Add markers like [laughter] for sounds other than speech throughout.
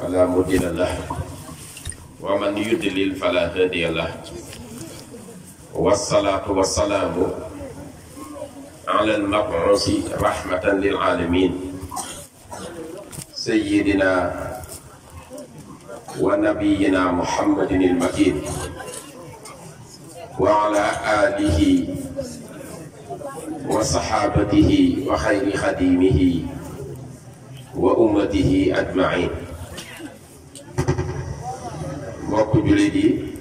فلا مضل له ومن يضلل فلا هادي له والصلاة والسلام على المبعوث رحمة للعالمين سيدنا ونبينا محمد المكين وعلى آله وصحابته وخير خديمه وأمته أجمعين mbokki jullit yi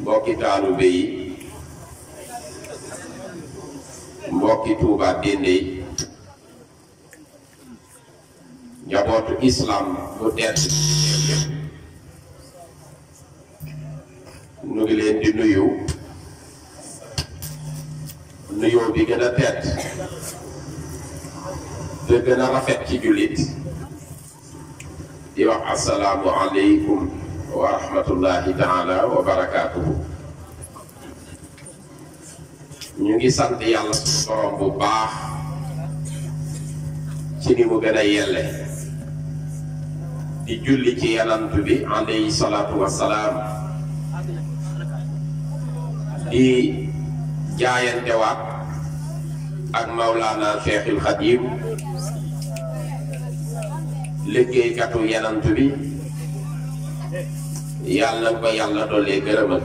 mbokki taalube yi mbokki Touba Guendé yi njabootu islam bu nu ngi leen di nuyu nuyoo bi gën a tedd te gën a rafet ci jullit di wax asalaamu aleykum wa taala wa barakaatuhu ñu ngi sant yàlla su bu baax ci ni mu gën yelle di julli ci yanantu bi alayhi salaatu wassalaam di jaayantewaat ak Maulana Cheikhul Khadim liggéeykatu yenant bi yàlla na ko yàlla dollee gërëmal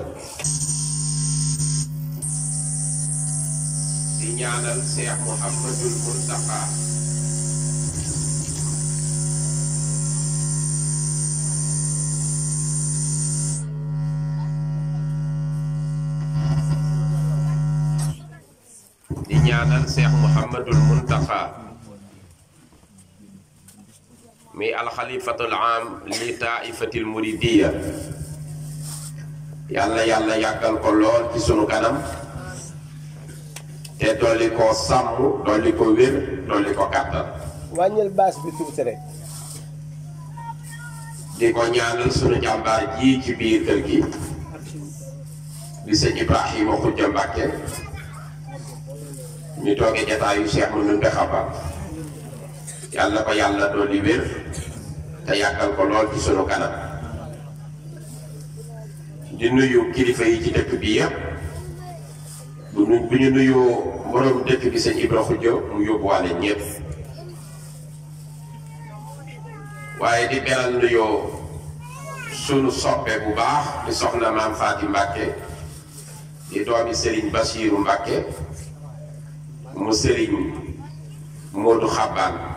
di ñaanal Cheikh Mouhamadul Moustapha mi al khalifatul am li taifatil muridiyya yalla yalla yàggal ko lool ci sunu kanam te dolli ko sàmm dolli ko wér dolli ko kàttan wàññil baas bi tuuti rek di ko ñaanal sunu jàmbaar jii ci biir kër gi di sëñ ibrahima xujja mbàkke ñu toogee jataayu cheikh mu nun yàlla ko yàlla doon li wér te yàggal ko lool ci sunu kanam di nuyu kilifa yi ci dëkk bi yëpp bu nu bu ñu nuyu borom dëkk bi sëñ Ibra Xujo mu yóbbuwaale ñëpp waaye di beral nuyoo sunu soppe bu baax di soxna maam Faati Mbàkke di doomi Serigne Basiiru Mbàkke mu Serigne Moodu Xabbaan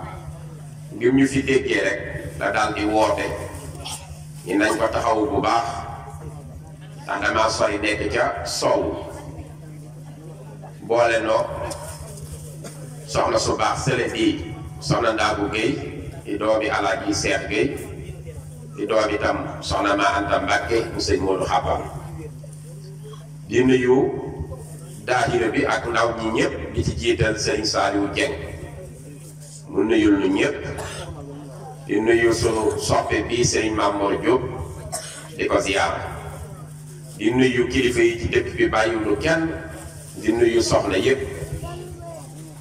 ngir ñu fi déggee rek la daal woote ni nañ ko taxaw bu baax ndax damaa sori nekk ca soow noo soxna su baax sële di soxna Ndaagu Guèye yi doomi Alaaji Seex Guèye di doomi itam soxna ma Anta Mbàkke mu sëñ Moodu Xabal di nuyu daahira bi ak ndaw ñi ñëpp di ci jiital sëriñ Saliou Dieng nu nuyul lu ñëpp di nuyu sunu soppe bii Serigne Mamor Diop di ko ziyaar di nuyu kilifa yi dëkk bi bàyyiwuñu kenn di nuyu soxna yëpp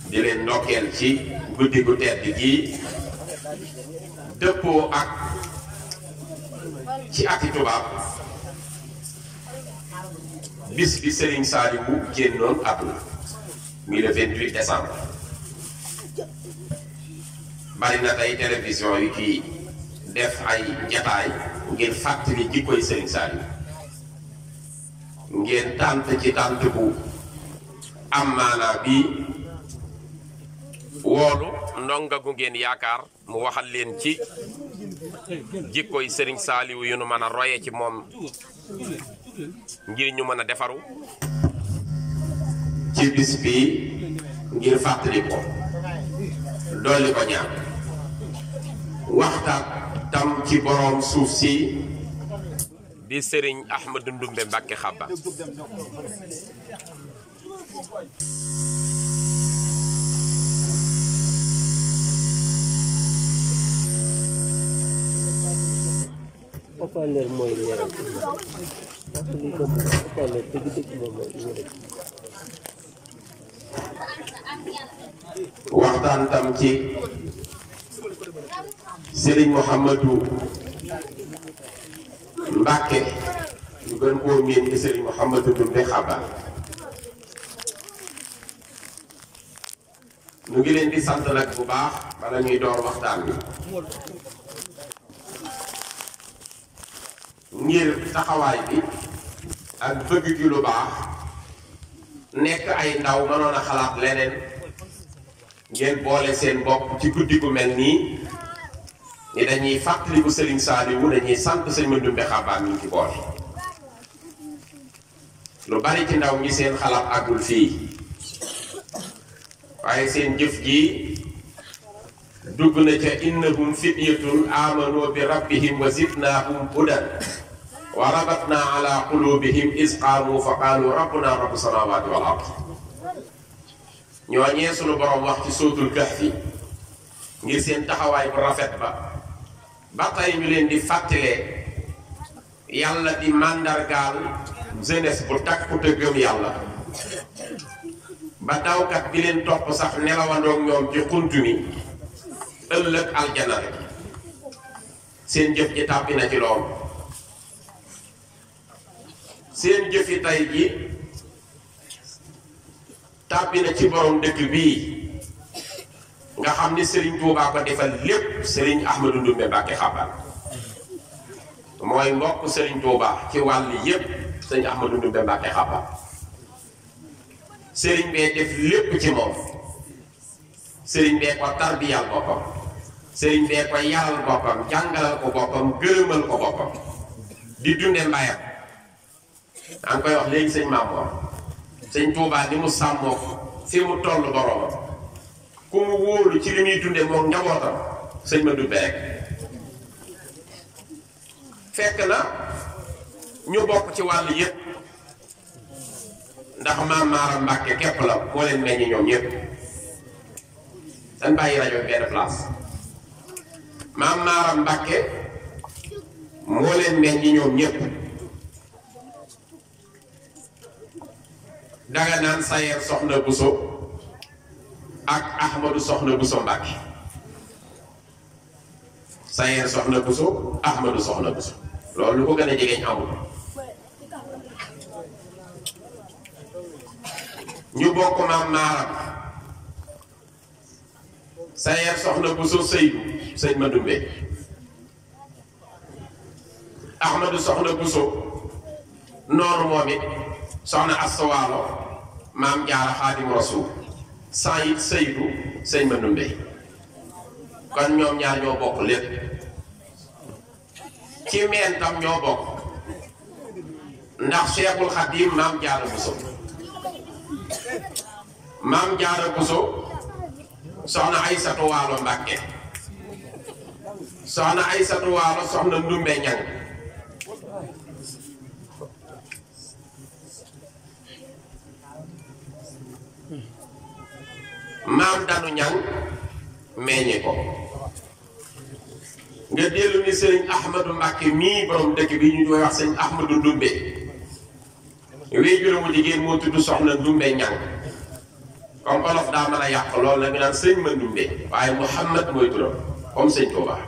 di leen ndokkeel ci guddi gu tedd gii dëppoo ak ci aki tubaab bis bi Serigne Saliou génnoon at mi le 28 décembre. bari na tey télévision yu def ay jataay ngir fàttali jikkoy Serigne Saliou ngeen tànt ci tànt bu am maanaa bii woolu ndonga gu ngeen yaakaar mu waxal leen ci jikkoy sëriñ Saliou yi nu mën a roye ci moom ngir ñu mën a defaru ci bis bi ngir fàttali ko dolli ko ñaan waxtaan tam ci borom suuf si di serigne ahmed ndumbe mbake khaba Opaler mooy leeral Serigne Mouhamadou Mbacke ñu gën koo miin ci Serigne Mouhamadou Dumbe Xaba ñu ngi leen di sant nag bu baax bala ñuy door waxtaan bi ngir taxawaay bi ak bëgg gi lu baax nekk ay ndaw mënoon a xalaat leneen. ngeen boole seen bopp ci guddi gu mel nii ni dañuy fàttaliku Serigne Saliou dañuy sant sëñ Mandoumbe Xabaan ñu ci boole lu bari ci ndaw ñi seen xalaat àggul fii waaye seen jëf ji dugg na ca innahum fityatun amanu bi rabbihim wa zidnahum hudan wa rabatna ala qulubihim iz qaamu fa qaalu rabbuna rabbu samawati wal ard ñooñee sunu borom wax ci sóotul kahfi ngir seen taxawaay bu rafet ba ba tey ñu leen di fàttalee yàlla di màndargaal jeunesse bu takku te gëm yàlla ba dawkat bi leen topp sax nelawandoog ñoom ci xunt mi ëllëg aljana rek seen jëf ji tàbbi na ci loolu seen jëfi tey ji tàbbi na ci borom dëkk bii nga xam ni sëriñ Touba ko defal lépp Serigne Ahmadou Ndoumbe Mbacke Xabal mooy mbokk Serigne Touba ci wàll yépp Serigne Ahmadou Ndoumbe Mbacke Xabal Serigne bee def lépp ci moom Serigne bee ko tarbiyal boppam Serigne bee ko yaral boppam jàngalal ko boppam gërëmal ko boppam di dunde mbayam daa koy wax léegi sëñ Maam sëñ Tuubaa ni mu sàmmoo fi mu toll boroom ku mu wóolu ci li muy dunde moom njabootam sëñ ma dubbe rek fekk na ñu bokk ci wàll yëpp ndax maam Maaram Mbàkke képp la moo leen meññ ñoom ñëpp dañ bàyyi rajo benn place maam Maaram Mbàkke moo leen meññ ñoom ñëpp danga nan Sayer Soxna Bousso ak ahmadu Soxna Bousso Mbacke Sayer Soxna Bousso ahmadu Soxna Bousso loolu lu ko gën a jegeñ amul ñu bokk maam maaram Sayer Soxna Bousso Seydou Seydou Madoumbe ahmadu Soxna Bousso noonu moom soxna astawaalo maam jaara xaadim rasul sayid saydu sëñ ma numbe kon ñoom ñaar ñoo bokk lépp ci meen tam ñoo bokk ndax cheikhul xadim maam jaara buso maam jaara buso soxna aysatu waalo mbàkke soxna aysatu waalo soxna ndumbe ñang maam danu ñang meññi ko nga dellu ni sëriñ ahmadu mbàkke mii borom dëkk bi ñu koy wax sëriñ ahmadu dumbe wéy juróomu jigéen moo tudd soxna dumbe ñang comme olof daa mën a yàq lool la ñu naan sëñ ma dumbe waaye muhammad mooy turam comme sëñ ko baax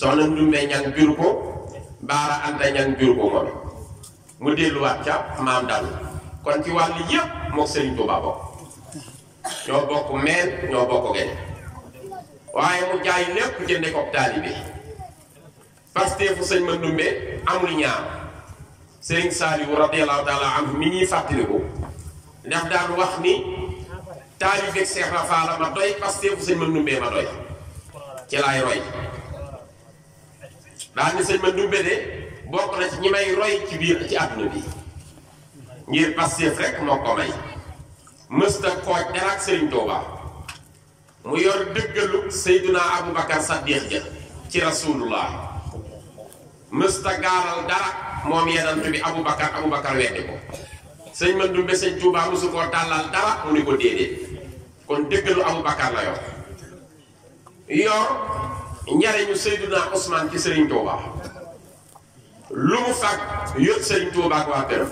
soxna dumbe ñang jur ko baara anta ñang jur ko moom mu delluwaat ca maam danu kon ci wàll yépp mook sëriñ Tuubaa bokk ñoo bokk meen ñoo bokk gañ waaye mu jaay lépp jënde ko taalibe pasteefu sëñ Mandoumbe amul ñaar sëriñ Saliou radiyallahu taala anhu mi ñuy fàttaliku ndax daan wax ni taalibeeg Seex Rafaa ma doy pasteefu sëñ Mandoumbe ma doy ci laay roy daan ni sëñ Mandoumbe de bokk na ci ñi may roy ci biir ci àdduna bi ngir pasteef rek moo ko may mësta kooj eraak Serigne Touba mu yor dëggalu Seydina Aboubacar Saddiq ja ci rasulullah mësta gaaral dara moom yenant bi Aboubacar Aboubacar weddi ko sëñ man dumbe sëñ Touba mosu koo tàllal dara mu ni ko déedéet kon dëggalu Aboubacar la yor yor njariñu Seydina Ousmane ci Serigne Touba lu mu fag yót Serigne Touba ak waa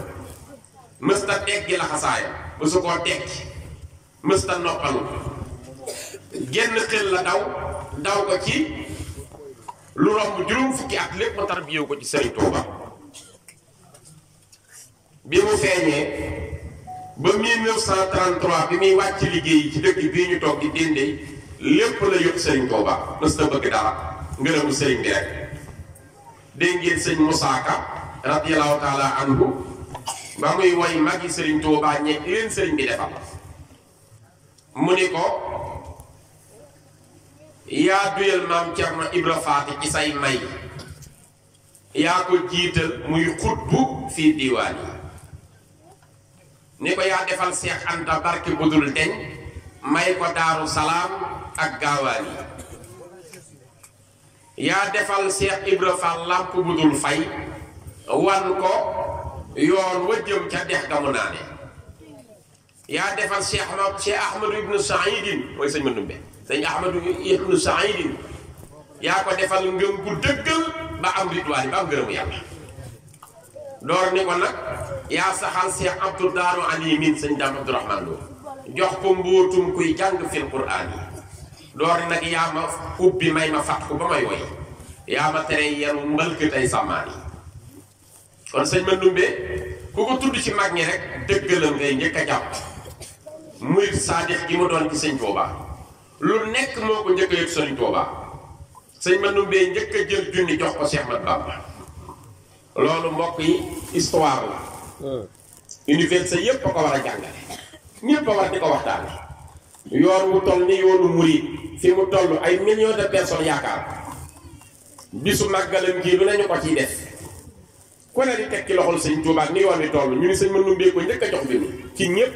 mësta teggi laxasaayam mësu koo tekki mësta noppalu génn xel la daw daw ko ci lu romb juróom fukki at lépp ma tarbiyewu ko ci Sëriñ Tuuba bi mu feeñee ba 1933 bi muy wàcc liggéey ci dëkk bi ñu toog di déndéy lépp la yóbbu Serigne Touba mës bëgg dara ngërëmu Serigne bi rek dégg sëñ Moussa Ka radiyallahu taala anhu ba muy woy magi sëriñ Tuubaa leen sëriñ bi defal mu ni ko yaa duyal maam Cerno Ibra Faati ci say may yaa ko jiital muy xutbu fii diiwaan yi ni ko yaa defal Seex Anta barke budul deñ may ko Daaru Salaam ak gaawaan yi yaa defal Seex Ibra Faal làmp budul fay wan ko yoon wa jëm ca dex gamu naane yaa defal Cheikh ma Cheikh Ahmadou ibnu Saïdin mooy sëñ Mandoumbe sëñ Ahmadou ibnu Saïdin yaa ko defal ngëm bu ba am ridwaani ba am ngërëmu yàlla door ni ko nag yaa saxal Cheikh Abdou Daaru Alimin sëñ Dame Abdourahmane Lo jox ko mbóotum kuy jàng fil Quraan yi door nag yaa ma ubbi may ma fàtt ko ba may woy yaa ma tere yenu mbëlk tey sàmmaan kon sëñ Mandoumbe ku ko tudd ci mag ñi rek dëggalam ngay njëkk a jàpp muy saadix gi mu doon ci sëñ Touba lu nekk moo ko njëkk a yëg sëñ Touba sëñ Mandoumbe njëkk a jël junni jox ko Cheikh Mat Bamba loolu mbokk yi histoire la hmm. université yépp a ko war a jàngale ñépp a war di ko waxtaane yoon mu toll ni yoonu murid fi mu toll ay millions de personnes yaakaar bisu màggalam gii lu nañu ko ciy def ku ne di teg ci loxol sëñ Tuubaa ak ni yoon ñu ni sëñ Mandoumbe ko njëkk jox bi mi ci ñëpp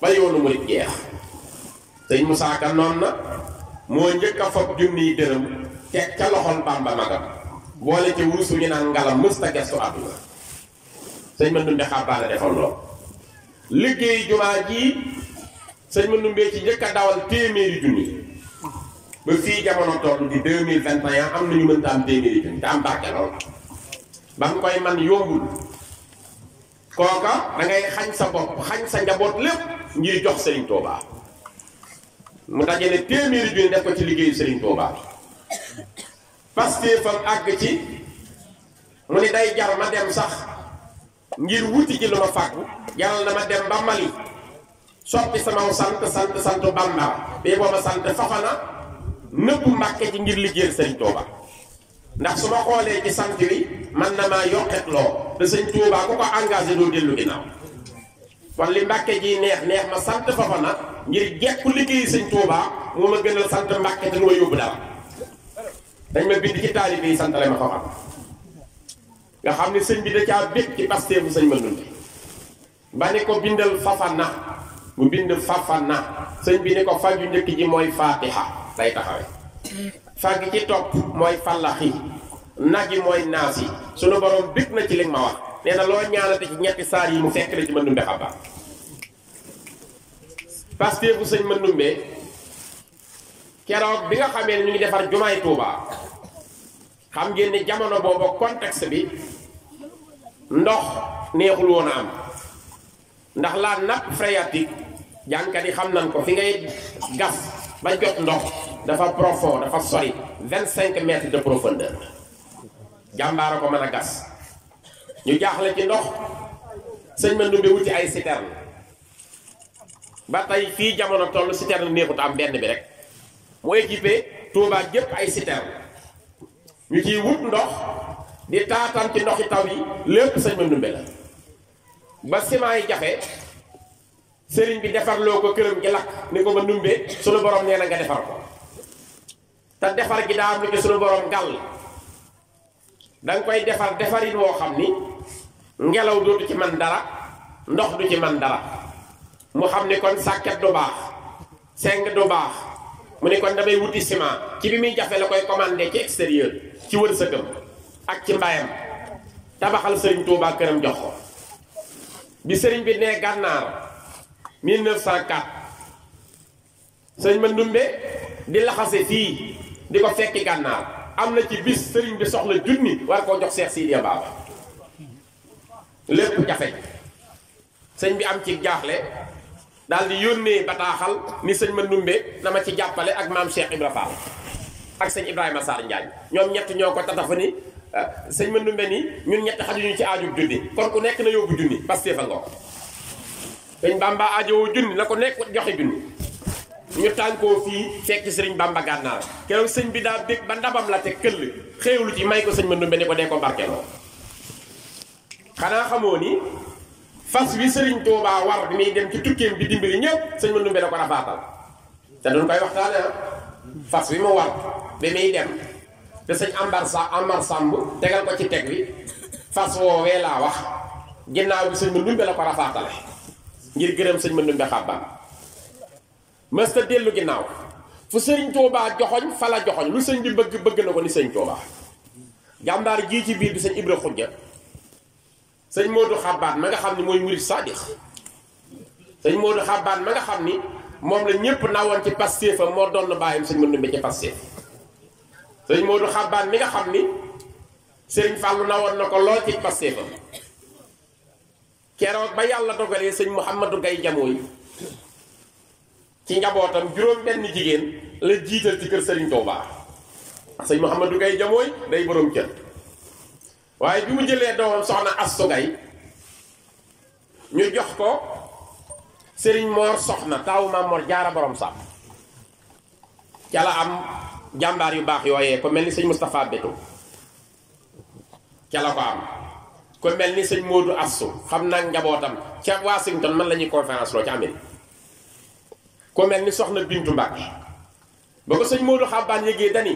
ba yoonu murit jeex sëñ Musaa noon na moo njëkk a fob junniy dërëm teg ca loxol Bàmba magam boole ca wurusu ñu naan ngalam mësta gestu àdduna sëñ Mandoumbe xàbbaana defal lool liggéey jumaa jii sëñ Mandoumbe ci njëkk a dawal téeméeri junni ba fii jamono toll di deux mille vingt et am nañu mënta am téeméeri junni te am barke lool ba nga koy man yombul kooka da ngay xañ sa bopp xañ sa njaboot lépp ngir jox Serigne Touba mu dajale téeméeri junni def ko ci liggéeyu Serigne Touba Pastef am àgg ci mu ni day jar ma dem sax ngir wuti ci lu ma fàggu jaral na ma dem ba Mali soppi samaw sant sant sant Bamba bee booba sant Fafana nëbbu Mbàkke ci ngir liggéeyal Serigne Touba. ndax su ma xoolee ci sant wi man na maa yokket loo te sëñ Tuubaa ku ko engagé doo dellu ginnaaw kon li mbàkke ji neex neex ma sant Fofana ngir jekku liggéey sëñ Tuubaa moo ma gënal sant mbàkke te lu ma yóbbu dara dañ ma bind ci taalibe yi santale ma Fofana nga xam ne sëñ bi da caa bépp ci pasteefu sëñ ma dund ba ne ko bindal Fofana mu bind Fofana sëñ bi ne ko faju njëkk ji mooy faatiha day taxawe fagi ci top moy falahi nagi moy yi sunu borom bik na ci ling ma wax neena na loo ñaanate ci ñetti saar yi mu fekk la ci mën dumbe xabaar pasteur bu señ mën dumbe keroog bi nga xamé ñu ngi défar jumaay Touba xam ngeen ne jamono bobo contexte bi ndox neexul woon am ndax la xam nañ ko fi ngay gas ba jot ndox dafa profond dafa sori 25 mètres de profondeur jambaara ko mën a gas ñu jaaxle ci ndox sëñ ma ndumbe wuti ay citerne ba tey fii jamono toll citerne néexut am benn bi rek mu équipé Touba gépp ay citerne ñu ciy wut ndox di taatam ci ndoxi taw yi lépp sëñ ma ndumbe la ba ciment yi jafe sëriñ bi defar loo ko këram gi lakk ni ko ma ndumbe sunu borom nee na nga defar ko te defar gi daa am lu ci suñu borom gàll danga koy defar defarin woo xam ni ngelaw dootu ci man dara ndox du ci man dara mu xam ni kon sàkket du baax seng du baax mu ni kon damay wuti ci bi muy jafe la koy commandé ci extérieur ci wërsëgam ak ci mbayam tabaxal sëriñ Touba këram jox ko bi sëriñ bi nee gànnaar 1904 sëriñ ma ndumbe di laxase fii di ko fekki gànnaar am na ci bis sëriñ bi soxla junni war koo jox Seex Sidiya Baaba lépp jafe sëñ bi am ci jaaxle daal di yónnee bataaxal ni sëñ ma numbe na ma ci jàppale ak maam Cheikh Ibra Fall ak sëñ Ibrahima Sarr Njaañ ñoom ñett ñoo ko tatafa ni ah, sëñ ma numbe ni ñun ñetti xajuñu ci aajub junni kon ku nekk na yóbbu junni parce que fa nga ko sëñ Bamba aajowoo junni la ko nekk joxe junni ñu tanko fi fekk serigne bamba ganna kéro serigne bi da bég ba ndabam la té keul xéewlu ci may ko serigne mëndumbe ne ko dé ko barké lo xana xamoni fas wi serigne tuubaa war bi muy dem ci tukkeem bi dimbali ñepp serigne mëndumbe ne ko rafatal té dañ koy waxtaane ah. fas wi mo war bi mi dem té serigne ambar sa ambar sambu tégal ko ci teg wi fas wo wé la wax ginnaw bi serigne mëndumbe la ko rafatal ngir gërëm sëñ mëndumbe xàbbaan mës ta dellu ginnaaw fu sëriñ Tuubaa joxoñ fa la joxoñ lu sëñ bi bëgg bëgg na ko ni sëñ Tuubaa jàmbaar jii ci biir bi sëñ Ibra Xujja sëñ Moodu Xabaat ma nga xam ni mooy murid saadix sëñ Moodu Xabaat ma nga xam ni moom la ñëpp nawoon ci pastéefam moo doon bàyyam sëñ mën dumbe ci pastéef sëñ Moodu Xabaat mi nga xam ni sëriñ Fàllu nawoon na ko lool ci pastéefam keroog ba yàlla dogalee sëñ Mouhamadou Gaye Jamooy ci njabootam juróom benn jigéen la jiital ci kër Serigne Touba sëñ Mouhamadou Gaye jamooy day borom cër waaye bi mu jëlee doomam soxna Astou Gaye ñu jox ko sëriñ Mor soxna taawu maam Mor jaara borom sax ca la am jàmbaar yu baax yooyee ko mel ni sëñ Moustapha Beto ca la ko am ko mel ni sëñ Modou Astou xam naa njabootam ca Washington man la ñuy conférence loo ca Amérique ku mel ni soxna Bintu Mbàkke ba ko sëñ Moodu Xabbaan yëgee dani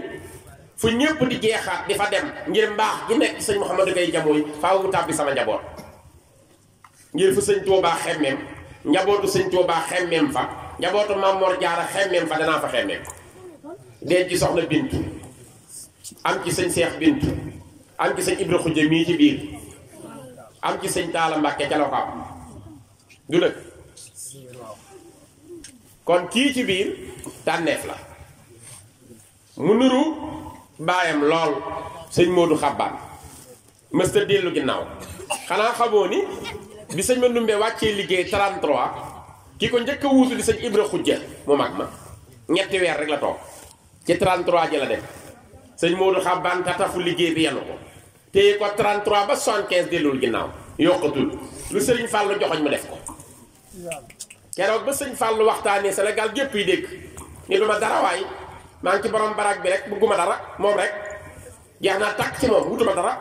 fu ñëpp di jeexaat di fa dem ngir mbaax gi sëñ Mouhamadou Gaye Jamooy faaw mu tàbbi sama njaboot ngir fu sëñ Tuubaa xemmeem njabootu sëñ Tuubaa xemmeem fa njabootu Maam Mor Jaara xemmeem fa danaa fa xemmeem denc ci soxna Bintu am ci sëñ Seex Bintu am ci sëñ Ibra Xujje mii ci biir am ci sëñ Taala Mbàkke ca la am du dëkk kon ki ci bir tanef la mu nuru bayam lol sëñ Modou Xabbaan mësta dellu ginnaaw xanaa xamoo ni bi sëñ ma ndumbe wàccee liggéey 33 ki ko njëkk wuutu di sëñ Ibra Xujja mu mag ma ñetti weer rek la tok ci 33 ji la dem sëñ Modou Xabbaan tafu liggéey bi yenu ko téye ko 33 ba 75 delul ginnaaw yokkatul lu sëriñ Fàllu joxoñ mu def ko keroog ba sëñ Fallou waxtaanee Sénégal gépp yi dégg ni du ma dara waay maa ngi ci borom barak bi rek bëgguma dara moom rek jeex naa tàkk ci moom wutuma dara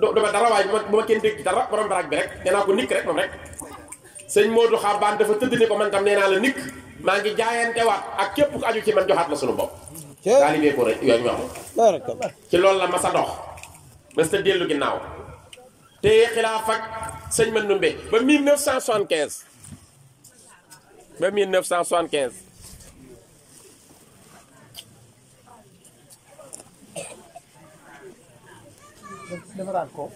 du ma dara waay bu ma kenn dégg dara boroom barak bi rek nee naa ko nikk rek moom rek sëñ Modou Xabaan dafa tëdd ni ko man tam nee naa la nikk maa ngi jaayante waat ak képp ku aju ci man joxaat la sunu bopp. taalibee ko rek yooyu ñoom ci loolu la ma sa dox masta dellu ginnaaw te xilaaf ak sëñ Mandoumbe ba 1975 ba 1975 defaraat ko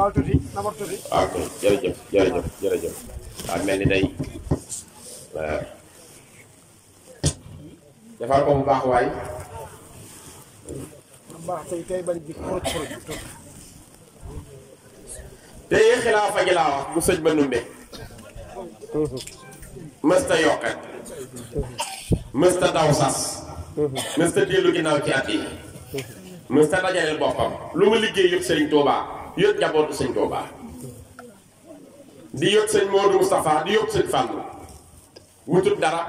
waaw kon jërëjëf jërëjëf jërëjëf waaw mel te yéen xilaafa gi laa wax bu sëñ ba numbe mësta yokkat mësta daw sas mësta dellu ginnaaw ci at yi mësta dajaleel boppam lu mu liggéey yëpp sëriñ Tuubaa yót njabootu sëñ Tuubaa di yót sëñ Modou Moustapha di yót sëñ Fallou wutut dara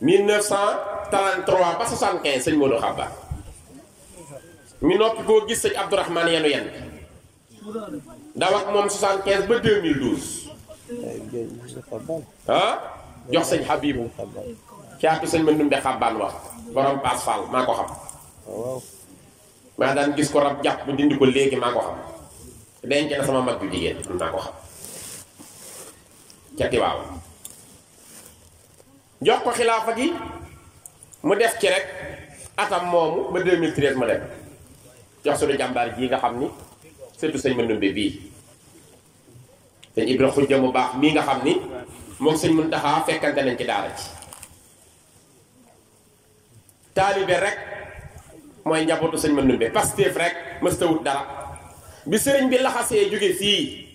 1933 ba 75 sëñ Modou Xabba ñu noppi koo gis sëñ Abdourahmane yenu yen daw ak moom 75 ba 2012 ah jox sëñ Habib caatu sëñ Mandoumbe Xabbaan wax borom paas Fall maa ko xam maa daan gis ko rab jàpp dindi ko léegi maa ko xam denc na sama mag ju jigéen am naa ko xam ca tiwaaw jox ko xilaafa gi mu def ci rek atam moomu ba 2013 ma dem jox suñu jàmbaar jii nga xam ni surtout sëñ Mandumbe bii sëñ Ibra xujja mu baax mii nga xam ni moom sëñ Muntaxa fekkante nañ ci daara ci taalibe rek njabotu njabootu man numbe Pastef rek mësta wut dara bi sëriñ bi laxasee jóge fi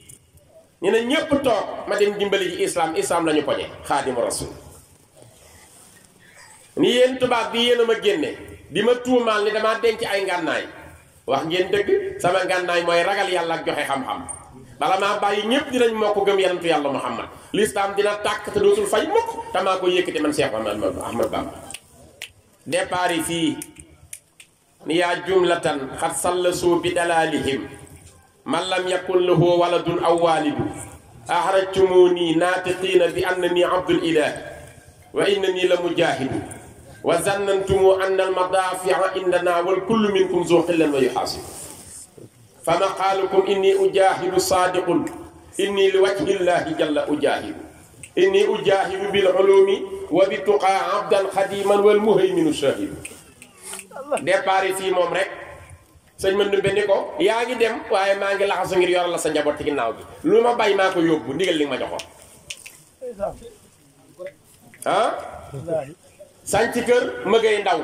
ñu ne ñepp tok ma dem dimbali ci islam islam lañu poñe khadim rasul ni yeen tuba bi yéen ma genné di ma ni dama denc ay ngannaay wax ngeen deug sama ngannaay moy ragal yalla ak joxe xam-xam bala ma bayyi ñepp dinañ moo gëm yalla muhammad listam dina tak te dootul fay mukk te maa ko yëkkati man Cheikh Ahmad Bamba départ ici يا جملة قد صلصوا بدلالهم من لم يكن له ولد أو والد أحرجتموني ناطقين بأنني عبد الإله وإنني لمجاهد وظننتم أن المضافع عندنا والكل منكم ذو قل ويحاسب قالكم إني أجاهد صادق إني لوجه الله جل أجاهد إني أجاهد بالعلوم وبتقى عبدا خديما والمهيمن الشاهد départ yi fii moom rek sëñ mën dumbe ni ko yaa ngi dem waaye maa ngi laxasu ngir yoral la sa njaboot ci ginnaaw bi lu ma bay maa ko yóbbu ndigal li nga ma joxoon ah sànc kër mëgay ndaw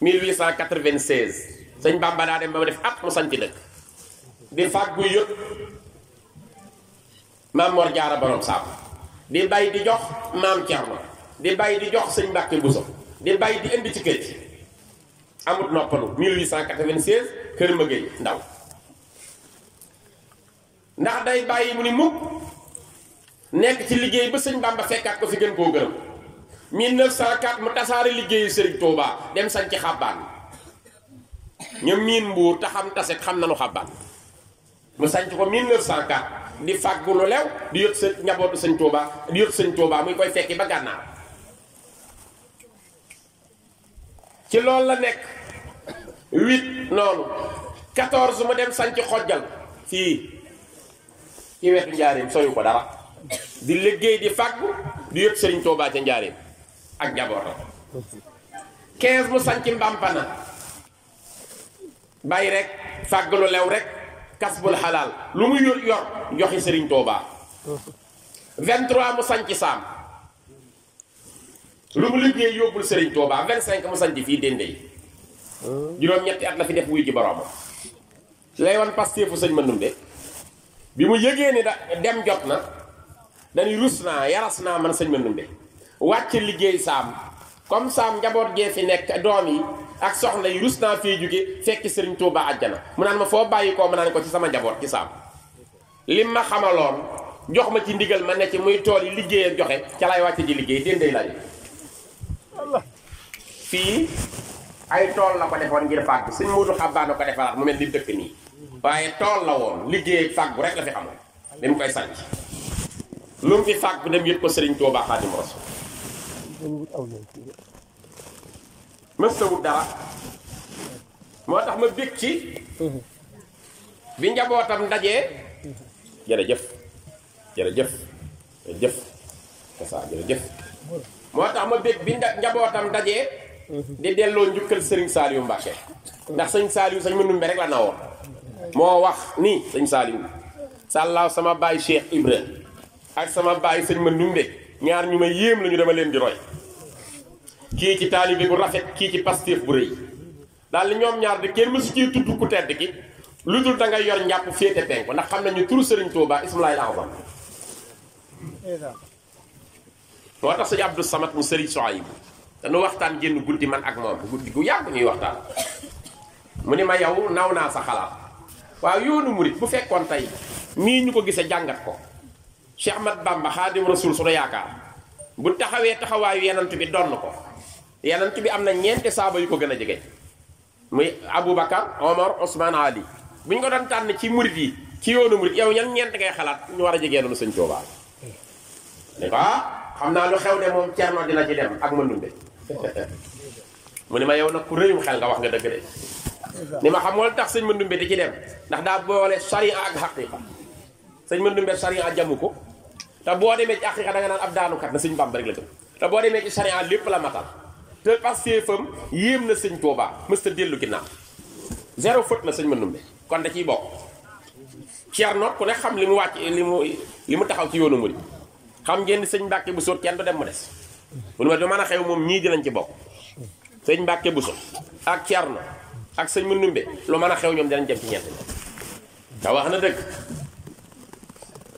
1896 sëñ Bamba daa dem ba ah, mu def at mu ci dëkk di fàggu yëpp maam Mor Jaara borom saam di bay di jox maam Cerno di bay di jox sëñ Mbàkke Buso di bay di indi ci kër amut noppalu 1896 kër Mbëggey ndaw ndax day bàyyi mu ni mukk nekk ci liggéey ba sëñ Bamba fekkaat ko fi gën koo gërëm 1904 mu tasaare liggéeyu Serigne Touba dem sañ ci xàbbaan ñu miin mbuur te xam taset xam na nanu xàbbaan mu sañ ko 1904 di fàggu lu lew di yót sa njabootu sëñ Touba di yót sëñ Touba muy koy fekki ba gànnaar ci loolu la nekk huit noonu quatorze mu dem sanc xojjal fii ci wetu njaareem soyu ko dara di liggéey di fàggu di yëpp sëriñ tooba ca njaariñ ak njabootam quinze mu sanc mbampana bàyyi rek fàgg lu lew rek kasbul xalaal lu mu yor joxi sëriñ Tuubaa vingt-trois mu sanc saam lu mu liggéey yóbbul Serigne Touba 25 mu sanc fii Dendey juróom-ñetti at la fi def wuy ji boroomam lay wan Pastef fu sëñ bi mu yëgee ni da dem jot na dañuy rus naa yaras naa man sëñ ma Mandoumbe wàcc liggéey saam comme saam njaboot gee fi nekk doom yi ak soxna yi rus naa fee jóge fekki Serigne Touba àjjana mu naan ma foo bàyyi koo ma naan ko ci sama njaboot ci saam lim ma xamaloon jox ma ci ndigal ma ne ci muy tool yi liggéeyam joxe ca lay wàcc ji liggéey Dendey laa fi ay tol la ko defoon ngir fàgg suñ muutu xabbaano ko defal mu mel di dekk ni waye tol la woon liggéey fag rek la fi xamoon dem koy sànc lu fi fag dem yëpp ko serigne Tuubaa khadim Rasul sawu dara motax ma bekk ci bi jef jere jef jef ka sa jere jef motax ma bekk bi njabotam ndajee Mm-hmm. di delloo njukkal Serigne Saliou Mbacke ndax sëñ Saliou sëñ Mandumbe rek la na woon moo wax ni sëñ Saliou sàllaaw sama baay Cheikh Ibra ak sama baay sëñ Mandumbe ñaar ñu ma yéem lañu ñu dama leen di roy kii ci taalibe bu rafet kii ci pastéef bu rëy daal li ñoom ñaar de kenn mësu ciy tudd ku tedd ki lu dul da yor njàpp féete penku ndax xam nañu turu Serigne Touba ismalaay laxam moo tax sëñ Abdou samat mu Serigne yi no waxtan génn guddi man ak mom guddi gu yag ñuy waxtan mu ni ma yaw nawna sa xalaat wa yoonu murid bu fekkon tay nii ñu ko gisse jangat ko cheikh ahmad bamba khadim rasul sura yaaka bu taxawee taxawaayu yenant bi don ko yenant bi amna na saaba yu ko gëna a muy omar usman ali bu ñu ko don tan ci murid yi ci yoonu murid yaw ñan ñeent ngay xalaat ñu wara a lu señ sëñ ne ba xamna lu xew de mom cerno dina ci dem ak mu ne ma yow nag ku rëyum xel nga wax nga dëgg de ni ma xam wala tax sëñ Mandumbe di ci dem ndax daa boole sariya ak xaqiqa sëñ Mandumbe sariya jamu ko te boo demee ci xaqiqa da nga ab daanukat na sëñ Bàmba rek la te boo demee ci sariya lépp la matal te pasteefam yéem na sëñ Tuubaa mësta dellu ginnaaw zéro faute na sëñ Mandumbe kon da ciy bokk Cerno ku ne xam li mu wàcc li mu li mu taxaw ci yoonu murid xam ngeen ni sëñ Mbàkke bu sóot kenn du dem mu des mu ne ma mën a xew moom ñii dinañ ci bokk sëñ Mbàkke Buso ak Thierno ak sëñ Manoumbe lu mën a xew ñoom dinañ dem ci ñeent te wax na dëgg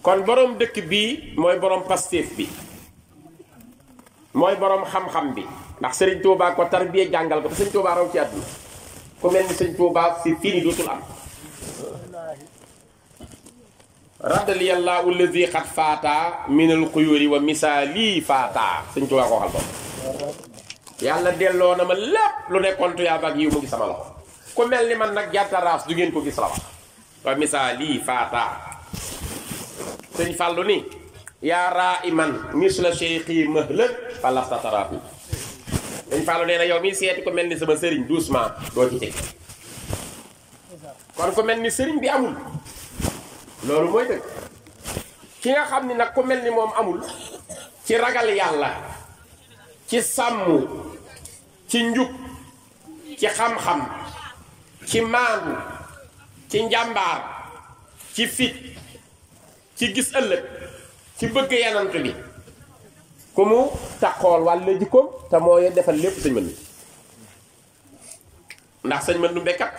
kon boroom dëkk bii mooy borom Pastef bi mooy borom xam-xam bi ndax sëriñ Touba ko tarbiye jàngal ko te sëñ Touba raw ci àdduna ku mel ni sëñ Touba si fii nii dootul am. radaliyallahu allazi xat faata minal xuyóori wa misaali faata sëñ Tuubaa ko waxal ko yàlla delloo na ma lépp lu nekkoon tuyaaba ak yiw mu ngi sama loxo ku mel ni man nag jartaraas du ngeen ko gis la wax wa misaali faata sëñ Fàllu ni yaa raa iman misla cheikhi mahlëk falasta taraafi sëñ Fàllu nee na yow mi seeti ku mel ni sama sëriñ doucement doo ci teg kon ku mel ni sëriñ bi amul loolu mooy dëgg ki nga xam ni nag ku mel ni moom amul ci ragal yàlla ci sàmm ci njug ci xam-xam ci maandu ci njàmbaar ci fit ci gis ëllëg ci bëgg yanant bi ku mu taxool wàll jikkoom te mooy defal lépp sëñ Mandumbe ndax sëñ Mandumbe kat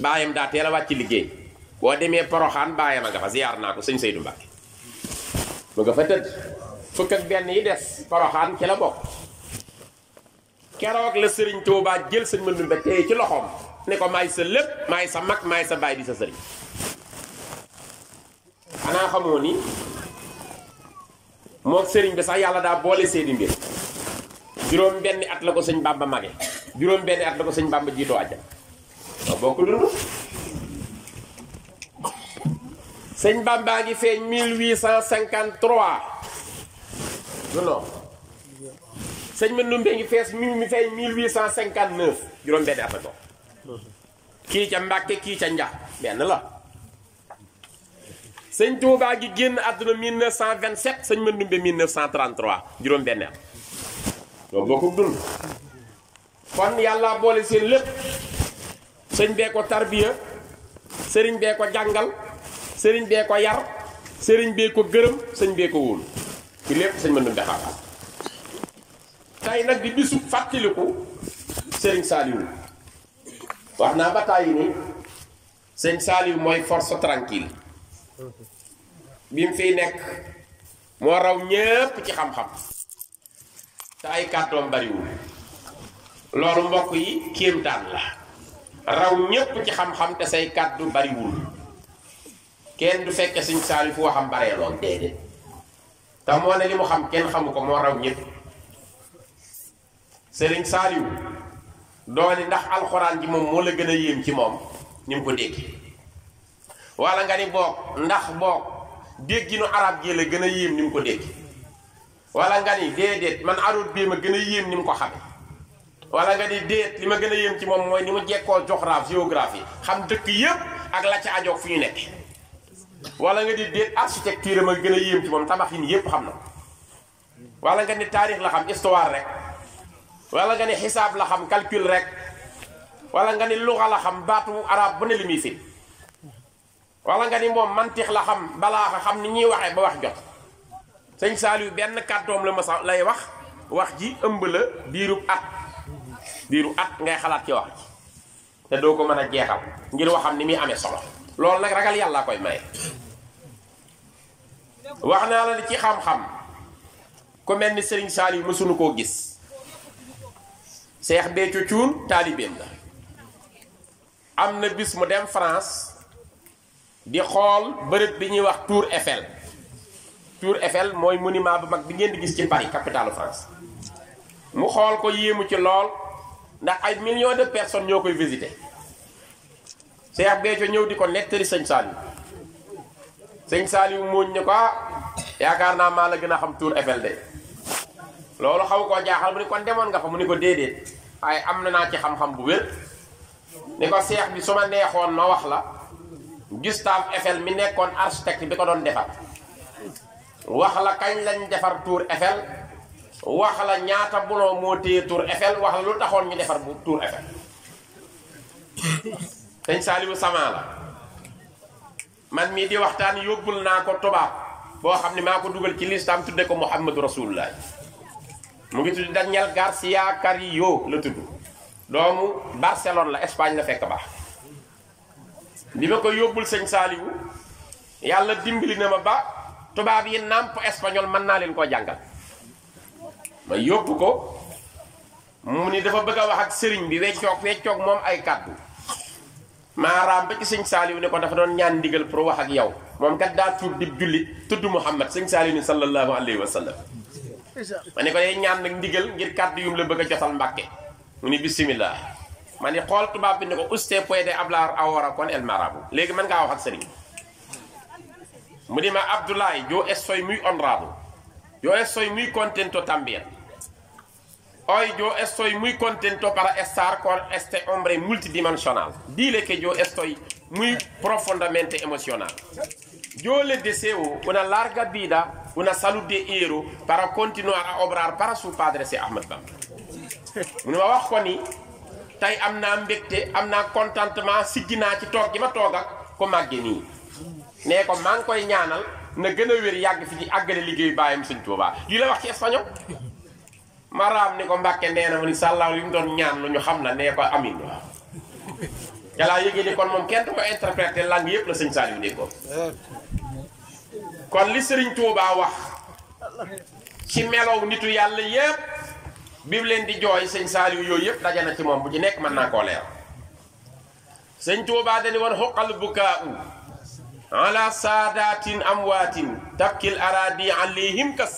baayam daa teel a wàcc liggéey boo demee Poroxaan bàyyi ma nga fa ziyaar naa ko sëñ Seydou Mbacke ma nga fa tëdd fukk ak benn yi des Poroxaan ci la bokk keroog la sëriñ Touba jël sëñ Mandumbe téye ci loxoom ne ko maay sa lépp maay sa mag maay sa baay di sa sëriñ xanaa xamoo ni moog sëriñ bi sax yàlla daa boole seeni mbir juróom benn at la ko sëñ Bamba mage juróom benn at la ko sëñ Bamba jiitoo àjjana bokk dund Seigne Bamba ngi feeñ 1853 non non sëñ Mandumbe ngi fees mi mi 1859 Juro mbé dafa a Ki ci mbacké ki ci ndia ben la Seigne Touba gi génn aduna 1927 Seigne Mandumbe 1933 Juro mbé at Do bokku dul. kon Yalla bolé seen lepp. Seigne bé ko tarbiya sëriñ bé ko jangal, serin bee ko yar sëriñ bee ko geureum ul, bee ko wul ci lepp sëñ mën na defar tey di bisu fatiliku sëriñ saliw waxna ba tay ni sëñ saliw moy force tranquille bim fi nek mo raw ñepp ci xam-xam tay ay bari wu lolu mbokk yi kéemtaan la raw ñepp ci xam-xam te say bari kenn du fekke sëñ Saaliw fu waxam baree lool déedéet te moo ne li mu xam kenn xamu ko moo raw ñëpp sëriñ Saaliw dooni ndax alxuraan ji moom moo la gën a yéem ci moom ni mu ko dégg wala nga ni boog ndax boog dégginu arab gi la gën a yéem ko dégg wala nga ni déedéet man arut bii ma gën a yéem ni mu ko xame wala nga ni déet li ma gën a yéem ci moom mooy ni mu jekkoo joxraaf géographie xam dëkk yëpp ak la ca ajoog fu ñu nekk wala nga di det architecture ma gëna yëm ci mom tabax yi yépp xamna wala nga ni taarix la xam histoire rek wala nga ni hisab la xam calcul rek wala nga ni lugha la xam baatu arab bu ne limi fi wala nga ni mom mantikh la xam balaa xam ni ñi waxe ba wax jot sëñ Saliou ben kàddoom la masa lay wax wax ji ëmb la at biiru at ngay xalaat ci wax te do ko mëna jéxal ngir waxam ni mi amé solo loolu nag ragal yàlla koy maye wax naa la li ci xam-xam ku mel ni Serigne Saliou mësuñu koo gis Cheikh Béthio Thioune taalibeem la am na bis mu dem France di xool bërëb bi ñuy wax Tour Eiffel Tour Eiffel mooy ni maa bu mag bi ngeen di gis ci Paris capitale France mu xool ko yéemu ci lool ndax ay millions de personnes ñoo koy visité Cheikh Béthio ñëw di teri nettali sëñ Saliou sëñ Saliou mooñ ne ko ah, karna naa maa la gën xam Tour Eiffel de loolu xaw koo jaaxal mu ne kon demoon nga fa mu ne ko déedéet waaye amna na naa ci xam-xam bu wér ne ko seex bi su FL. neexoon ma wax la Gustave Eiffel mi nekkoon architecte bi ko doon defar wax la kañ lañ defar Tour Eiffel wax la ñaata bulo moo Tour Eiffel wax la lu ñu defar bu Tour Eiffel sëñ Saaliwu Sama la man mi di waxtaan yobul na ko toba bo xamni mako duggal ci lislaam tudde ko Muhammadu Rasulullah mu ngi tudd Daniel Garcia Carillo le tuddu doomu Barcelone la Espagne la fekk ba li ma ko yóbbul sëñ Saaliwu dimbali na ma ba tubaab yi nàmp espagnol man na len ko jangal ma ko mu ni dafa bëgg wax ak sëriñ bi weccoog mom ay kaddu maaraam ba ci sëñ Saaliw ko dafa doon ñaan ndigal pour wax ak yow moom kat daa tuub di julli tudd Muhammad sëñ Saaliw ni sallallahu alayhi wa ma ne ko day ñaan nag ndigal ngir kàdd yum la bëgg a jotal Mbàkke mu ni bismillah ma ni xool tubaab bi ne ko usté puede hablar ahora con el marabu léegi man ngaa wax ak sëriñ mu ni ma Abdoulaye yo estoy muy honrado yo estoy muy contento también hoy yo estoy muy contento para estar con este hombre multidimensional. Dile que yo estoy muy profundamente emocional. Yo le deseo una larga vida, una salud de héroe para continuar a obrar para su padre, si Ahmed Bam. mu wax ko ni tey amna amna contentement si gina ci toog gi ma toog ak ku màgge nii ko mang koy ñaanal na gëna wër yag fi ci la wax ci maraam ni ko mbàkke nee na ma ni sàllaaw li mu doon ñaan lu ñu xam la nee ko amin waaw calaa yéegi ni kon moom kenn du ko interprété langue la sëñ Saliou déggoon kon li sëriñ Tuubaa wax ci melow nitu yàlla yëpp bi mu leen di jooy sëñ Saliou yooyu yëpp daje na ci moom bu ci nekk mën naa koo leer sëñ Tuubaa dañu woon xoqal bukaau ala saadatin amwaatin tabkil araadi alayhim kas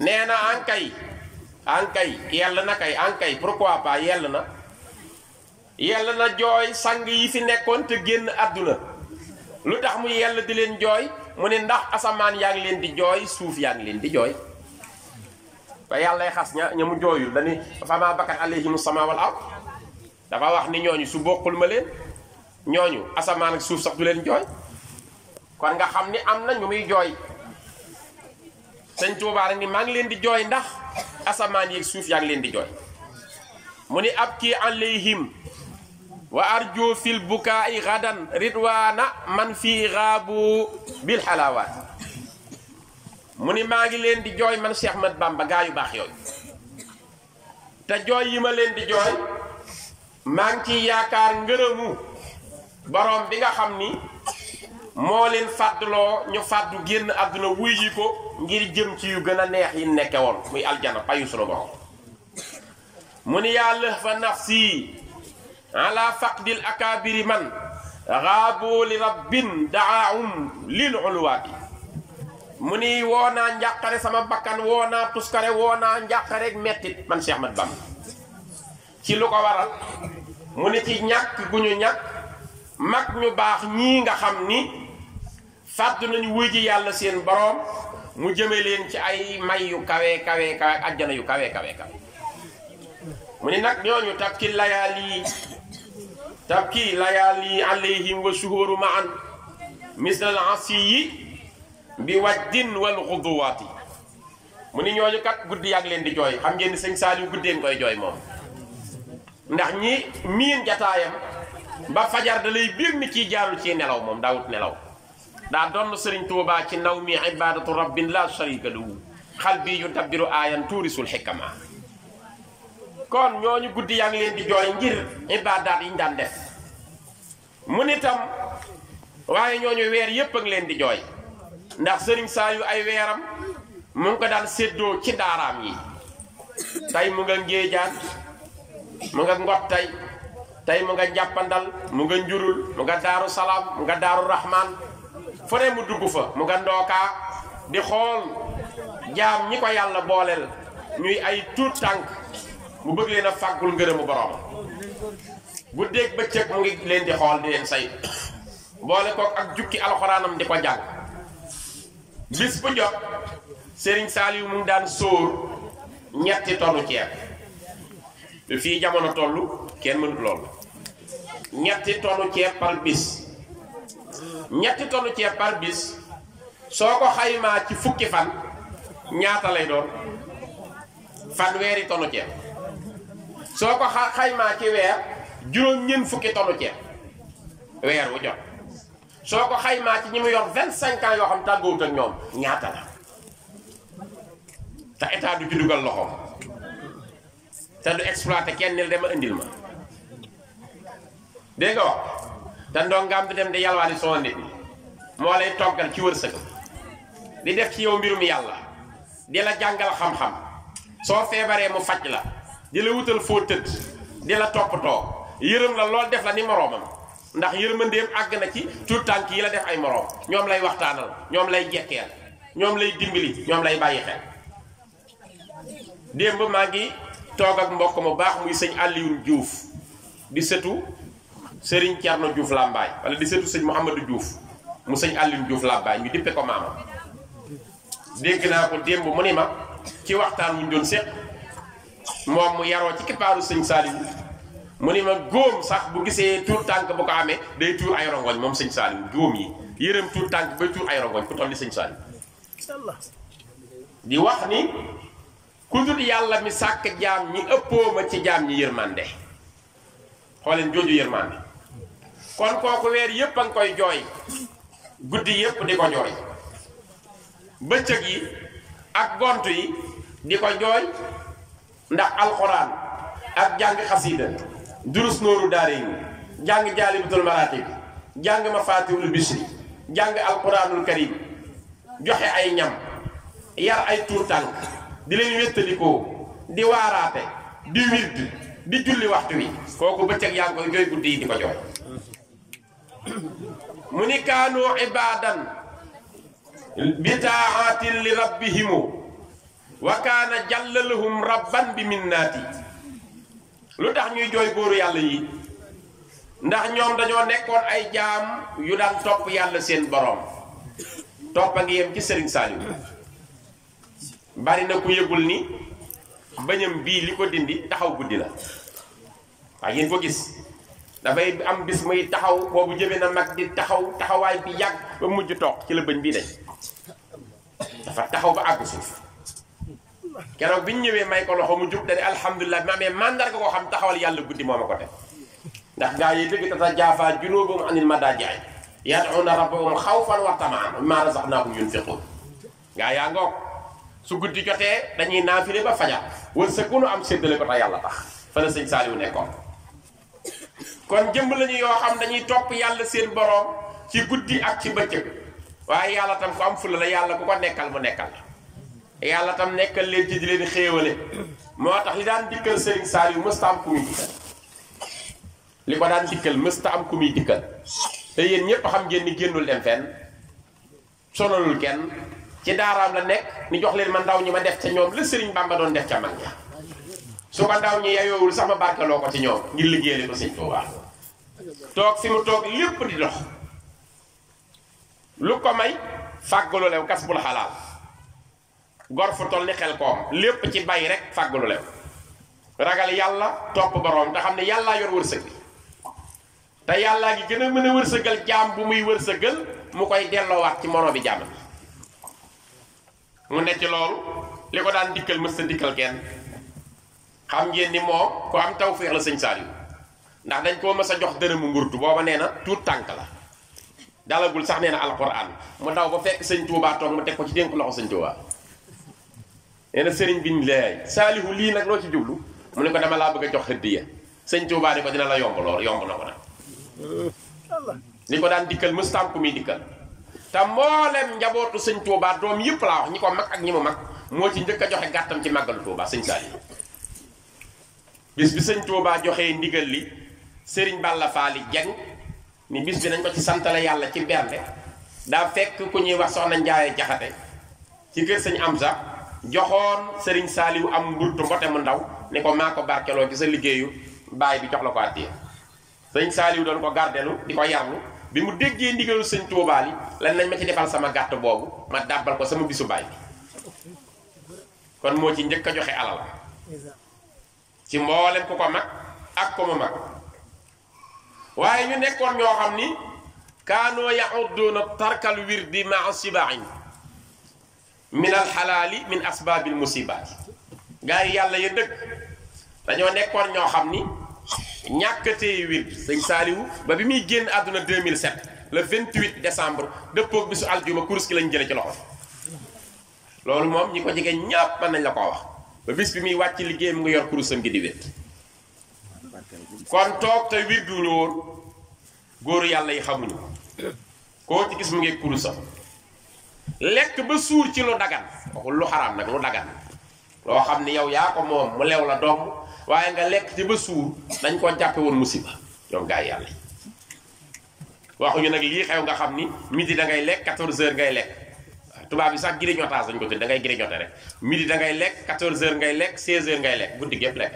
nena na an kay an kay angkai, na kay an pourquoi pas yell na yell na sang yi fi nekkon te genn aduna lu mu yalla di len joy mu ndax asaman yaag len di joy, souf yaag len di joy, ba yalla xass nya ña mu jooyul dani fama bakat alayhi musama wal ard dafa wax ni ñoñu su bokul ma leen asaman asamaan ak souf sax du len joy kon nga xamni amna ñu muy joy sëñ Tuubaa rek ni maa ngi leen di jooy ndax asamaan yeeg suuf yaa ngi leen di jooy mu ni ab kii alayhim wa arju fil bukaai gadan ridwaana man fii xaabu bil xalaawaat mu ni maa ngi leen di jooy man Cheikh Mat Bamba gaa yu baax yooyu te jooy yi ma leen di jooy maa ngi ci yaakaar ngërëmu boroom bi nga xam ni moo leen fàddaloo ñu fàddu génn àdduna wuy yi ko ngir jëm ci yu gën a neex yi nekke woon muy aljana payu sunu borom mu ni yàlla fa nafsi ala faqdil akaabiri man raaboo li rabbin daahum lil uluwaati mu ni woo naa njàqare sama bakkan woo naa tuskare woo naa njàqare mettit man Cheikh Ahmad Bamba ci lu ko waral mu ni ci ñàkk gu ñu ñàkk mag ñu baax ñii nga xam ni fàddu nañu wuy ji yàlla seen boroom mu jëme leen ci ay may yu kawe kawe kawe ajjana yu kawe kawe kawe mu ni nag ñooñu tabki layaali tabki layaali alayhim wa suhóoru ma an misral asi yi bi wajdin wal xuduwaati mu ni ñooñu kat guddi yàgg leen di jooy xam ngeen ni sëñ Saaliw guddeen koy jooy moom ndax ñi miin jataayam ba fajar da lay biir ni ciy jaaru ci nelaw moom daawut nelaw da don serigne touba ci nawmi ibadatu rabbin la sharika lu khalbi yudabbiru ayan turisul hikama kon ñoñu guddi yang len di joy ngir ibadat yi ndan def munitam waye ñoñu wër yépp ak len di joy ndax serigne sayu ay wëram mu ngi ko daan seddo ci daaraam yi tay mu nga ngeejaan mu nga ngot tay tay mu nga jappandal mu nga njurul mu nga daru salam mu nga daru rahman fu ne mu dugg fa mu gandoo kaa di xool jaam ñi ko yàlla booleel ñuy ay tuut tànk mu bëgg leen a fàggul ngërëmu borom bu dégg bëccëg mu ngi leen di xool di leen say boole kook ak jukki alxuraanam di ko jàng bis bu jot Serigne Saliou mu ngi daan sóor ñetti tonu ceeb fii jamono toll kenn mënut loolu ñetti tonu ceeb par bis ñetti tonu ci par bis soko xayma ci fukki fan ñaata lay doon wéri tonu ci soko xayma ci wér juroom ñeen fukki tonu ci wér wu jot soko xayma ci ñimu yor 25 ans yo xam tàggoowut ak ñom ñaata la ta état du ci dugal loxo ta du exploiter kenn nil dama ma dégg nga dan do ngam dem de yalla sonde sonni mo lay togal ci wërseuk di def ci yow mbirum yalla di la jangal xam xam so febaré mu fajj la di la wutal fo teut di la to yeureum la lol def la ni moromam ndax yërmandeem ag na ci tout tank yi la def ay morom ñom lay waxtanal ñom lay jekkel ñom lay dimbali ñom lay bayyi xel démb magi ngi ak mbokk mu bax muy seigne aliou Diouf di setu Serigne Thierno Diouf Lambaye wala di seetu sëñ Mouhamadou Diouf mu sëñ Alioune Diouf Lambaye ñu dippe ko maamam dégg naa ko démb mu ni ma ci waxtaan wuñ doon seet moom mu yaroo ci kippaaru sëñ Saliou mu ni ma góom sax bu gisee tuur tànk bu ko amee day tuur ay rongoñ moom sëñ Saliou góom yi yërëm tuur tànk bay tuur ay rongoñ ku toll ni sëñ Saliou di wax ni ku dul yàlla mi sàkk jaam ñi ëppoo ma ci jaam ñi yërmande xooleen jooju yërmande kon kooku weer yépp a koy jooy guddi yépp di ko jooy bëccëg yi ak gont yi di ko jooy ndax alxuraan ak jàng xasiida durus nooru daare yi jàng jaalibatul maraatib jàng mafaatihul bisri jàng alxuraanul karim joxe ay ñam yar ay tuur tànk di leen wéttalikoo di waaraate di wird di julli waxtu wi kooku bëccëg yaa ngi koy jooy guddi yi di ko jooy munikanu ni kaanu ibadan bitaatin li rabbihimu wa kana jallaluhum rabban bi minnaati lu ñuy joy góoru yalla yi ndax ñom dañoo nekkon ay jaam yu daan top yalla seen borom top ak yem ci serigne Saliou bari na ku yegul ni bañam bi liko dindi taxaw guddila ak yeen ko gis dafay am bis muy taxaw boobu jëmee na mag di taxaw taxawaay bi yàgg ba mujj toog ci la bëñ bii dañ dafa taxaw ba àgg suuf keroog bi ñu ñëwee may ko loxo mu jub dane alhamdulilah bi ma amee ko koo xam taxawal yàlla guddi moo ma ko def ndax gaa yi dëgg tata jaafa junuubuhum anil madaaji yad'uuna rabbahum xawfan wa tamaan mimmaa razaqnaahum yunfiquun gaa yaa ngoog su guddi jotee dañuy naafile ba fajar wërsëg ku nu am séddale ko te yàlla tax fa la sëñ Saaliw nekkoon kon jëmm lañu yoo xam dañuy topp yàlla seen boroom ci guddi ak ci bëccëg waaye yàlla tam ko am fula la yàlla ku ko nekkal mu nekkal la yàlla tam nekkal leen ci di leen xéewale moo tax li daan dikkal Serigne Saliou mësta am ku muy dikkal li ko daan dikkal mësta am ku muy dikkal te yéen ñépp xam ngeen ni génnul dem fenn sonalul kenn ci daaraam la nekk ni jox leen ma ndaw ñi ma def ca ñoom la Serigne Bamba doon def ca mag ña Suka ko ndaw ñi yayowul sama barkeloo ko ci ñoom ngir liggéeyale ko sëñ Touba toog fi mu toog lépp di dox lu ko may fàggalu lew kasbul bul xalaal gor fu toll ni xel koom lépp ci bay rek fàggalu lew ragal yàlla topp borom te xam ne yor wërsëg bi te gi gën a mën a wërsëgal jaam bu muy wërsëgal mu koy delloowaat ci bi jaam mu ne ci loolu daan dikkal mës dikkal kenn xam ngeen ni moom ko am tawfiix la sëñ saliw ndax dañ koo mës a jox dërëmu ngurtu booba nee na tuut tànk la dalagul sax nee na alquran mu daw ba fekk sëñ Touba toog mu teg ko ci dénk loxo sëñ Touba nee na sëriñ biñ leey Saliou lii nag loo ci jublu mu ne ko dama laa bëgg a jox hëddiya sëñ Touba ni ko dina la yomb lool yomb na ko nag li ko daan dikkal mës tànku mi dikkal te mboolem njabootu sëñ Touba doom yëpp laa wax ñi ko mag ak ñi mu mag moo ci njëkk a joxe gàttam ci màggalu Touba sëñ Saliou bis bi sëñ Touba joxe ndigal li sëriñ Balla Faali Jeng ni bis bi nañ ko ci santale yàlla ci bernde daa fekk ku ñuy wax soxna Njaaye Jaxate ci kër sëñ Amsa joxoon sëriñ Saaliw am mbultu mbote mu ndaw ni ko maa ko barkeloo ci sa liggéeyu baay bi jox la ko àddiya sëñ Saaliw doon ko gardelu di ko yarlu bi mu déggee ndigalu sëñ Touba li lan nañ ma ci defal sama gàtt boobu ma dàbbal ko sama bisu baay kon moo ci njëkk a joxe alal ci mboolem ku ko mag ak ko mu mag waaye ñu nekkoon ñoo xam ni kaanoo yaxudduuna tarkal wirdi maa sibaain min alxalaali min asbaabil musibaat gaa yi yàlla ya dëkk dañoo nekkoon ñoo xam ni ñàkkatee wirdi sëñ Saaliwu ba bi muy génn àdduna 2007 le 28 décembre dëppoog bisu aljuma kurus ki lañ jële ci loxo loolu moom ñi ko jege ñàpp nañ la koo wax ba bis bi muy wàcc liggéey mu ngi yor kurusam gi di wét kon toog te wirdul wóor góoru yàlla yi xamuñu koo ci gis mu ngi kurusam lekk ba suur ci lu dagan waxul lu xaraam nag lu dagan loo xam ni yow yaa ko moom mu lew la dong waaye nga lekk ci ba suur dañ ko jàppe woon musiba ñoom gaay yàlla yi waxuñu nag lii xew nga xam ni midi da ngay lekk 14 heures ngay lekk tubaab yi sax grignotage dañ ko tudd dangay ngay grignoter rek midi da ngay lekk 14h ngay lekk 16h ngay lekk guddi gépp lekk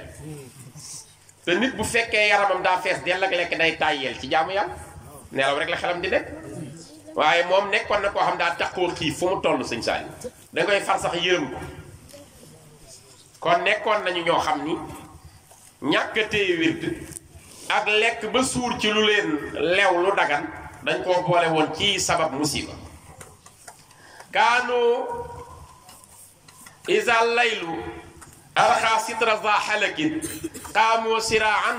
te nit bu fekkee yaramam daa fees dell ak lekk day tàyyeel ci jaamu yàlla nelaw rek la xelam di nekk waaye moom nekkoon na koo xam daa taxoo kii fu mu toll sëñ Saali da ngay far sax yërëm ko kon nekkoon nañu ñoo xam ni ñàkk a ak lekk ba suur ci lu leen lew lu dagan dañ koo boole woon ci sabab musiba كانوا إذا الليل أرخى ستر ذا حلك قاموا سراعا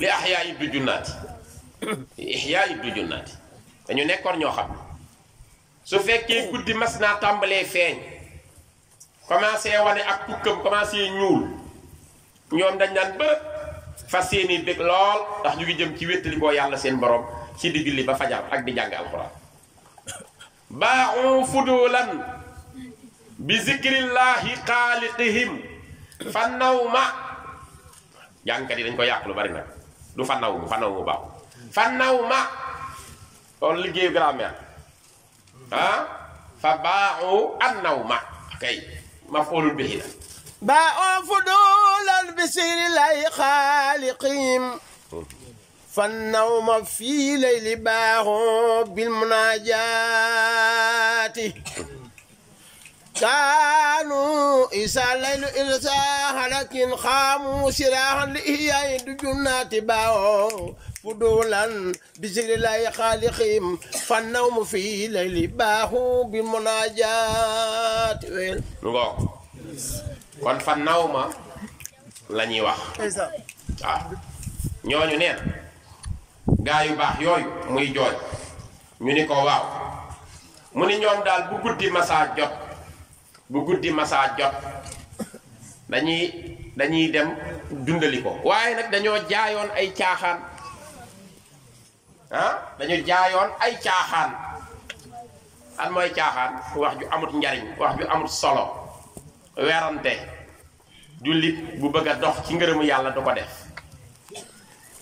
لأحياء الدجنات إحياء الدجنات dañu nekkoon ñoo xam su fekkee guddi mas naa tàmbalee feeñ commencé wane ak tukkam commencé ñuul ñoom dañ naan bërëb fas seeni bég lool ndax ñu ngi jëm ci wéttali koo yàlla seen borom ci digli ba fajar ak di jàng alxuraan باعوا فضولا بذكر الله خالقهم فالنوم jàngkat yi dañ ko yàq lu bari nag du fa mu fanaw mu baax fanaw ma loolu liggéeyu grammaire ah fa baaxu annaw ma kay ma foolul bihi la baaxu fudulan bi siri lay فالنوم في ليل باغ بالمناجات كانوا إسا الليل إلسا هلك خاموا سراحا لإحياء دجنات باغ فدولا بذكر الله خالقهم فالنوم في ليل باغ بالمناجات kon fa naw ma la ñuy wax waaw ñooñu neen gaa yu baax muy joj ñu ni ko waaw mu ni ñoom daal bu guddi massa jot bu guddi massa jot dañuy dañuy dem dundali ko waaye nak dañoo jaayoon ay caaxaan ah dañu jaayoon ay caaxaan an mooy caaxaan wax ju amut njariñ wax ju amut solo werante jullit bu bëgg a dox ci ngërëmu yàlla du ko def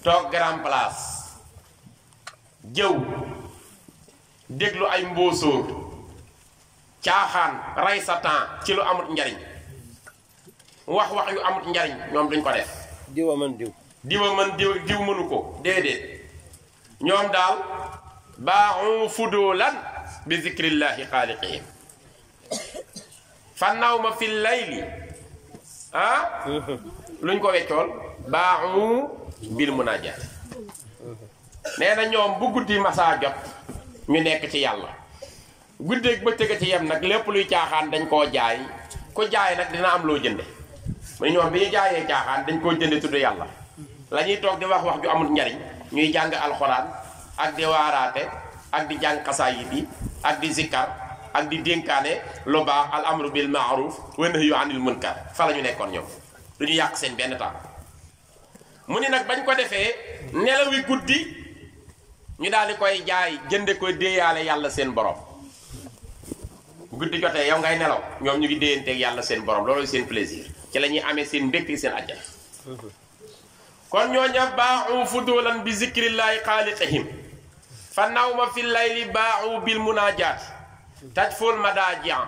toog grand place jëw déglu ay mbóosóor chaahan ray satan ci lu amut njariñ wax wax yu amut njariñ ñom duñ ko def diwa man diw diwa man diw diw mënu ko déedéet ñoom daal fudulan bi zikrillahi fannaw ma fil layli ah [laughs] luñ ko wéccol ba'u bil munajat nee na ñoom bu guddi masaa jot ñu nekk ci yàlla guddeeg bëccëg ci yem nag lépp luy caaxaan dañ koo jaay ku jaay nag dina am loo jënde mu ñoom bi ñu jaayee caaxaan dañ koo jënde tudd yàlla lañuy toog di wax wax ju amul njariñ ñuy jàng alxuraan ak di waaraate ak di jàng xasaayid yi ak di zikkar ak di dénkaane lu baax al amru bil maaruf wa nahyu anil munkar fa la ñu nekkoon ñoom du ñu yàq seen benn temps mu ni nag bañ ko defee nelawi guddi ñu daal di koy jaay jënde ko déeyaale yàlla seen borom bu guddi jotee yow ngay nelaw ñoom ñu ngi déeyanteeg yàlla seen borom loolu seen plaisir ci la ñuy amee seen mbégte seen àjjana kon ñooña baaxu fudulan bi zikrillaahi xaaliqihim fa ma fi layli baaxu bil munaajaat tajful madaajian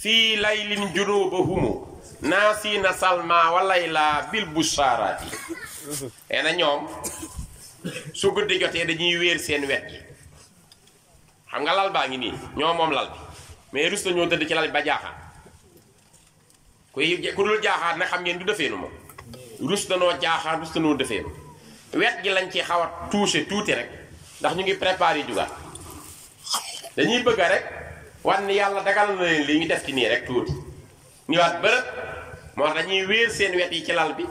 fii laylin junuubahumu naasiina salma wa layla bil bushaaraati [laughs] nee na ñoom su guddi jotee dañuy wër seen wét xam nga lal baa ngi nii ñoo mom lal mais rus ñoo dëdd ci lal ba jaaxa ku yi ku dul jaaxa na xam ngeen du defeenu mo rus no jaaxa rus no defeenu wét gi lañ ci xaw a touché tuuti rek ndax ñu ngi préparer juga dañuy bëgg rek wan ni dagal na leen li ñu def ci ni rek tout ñëwaat wat moo mo dañuy wër seen wét yi ci lal bi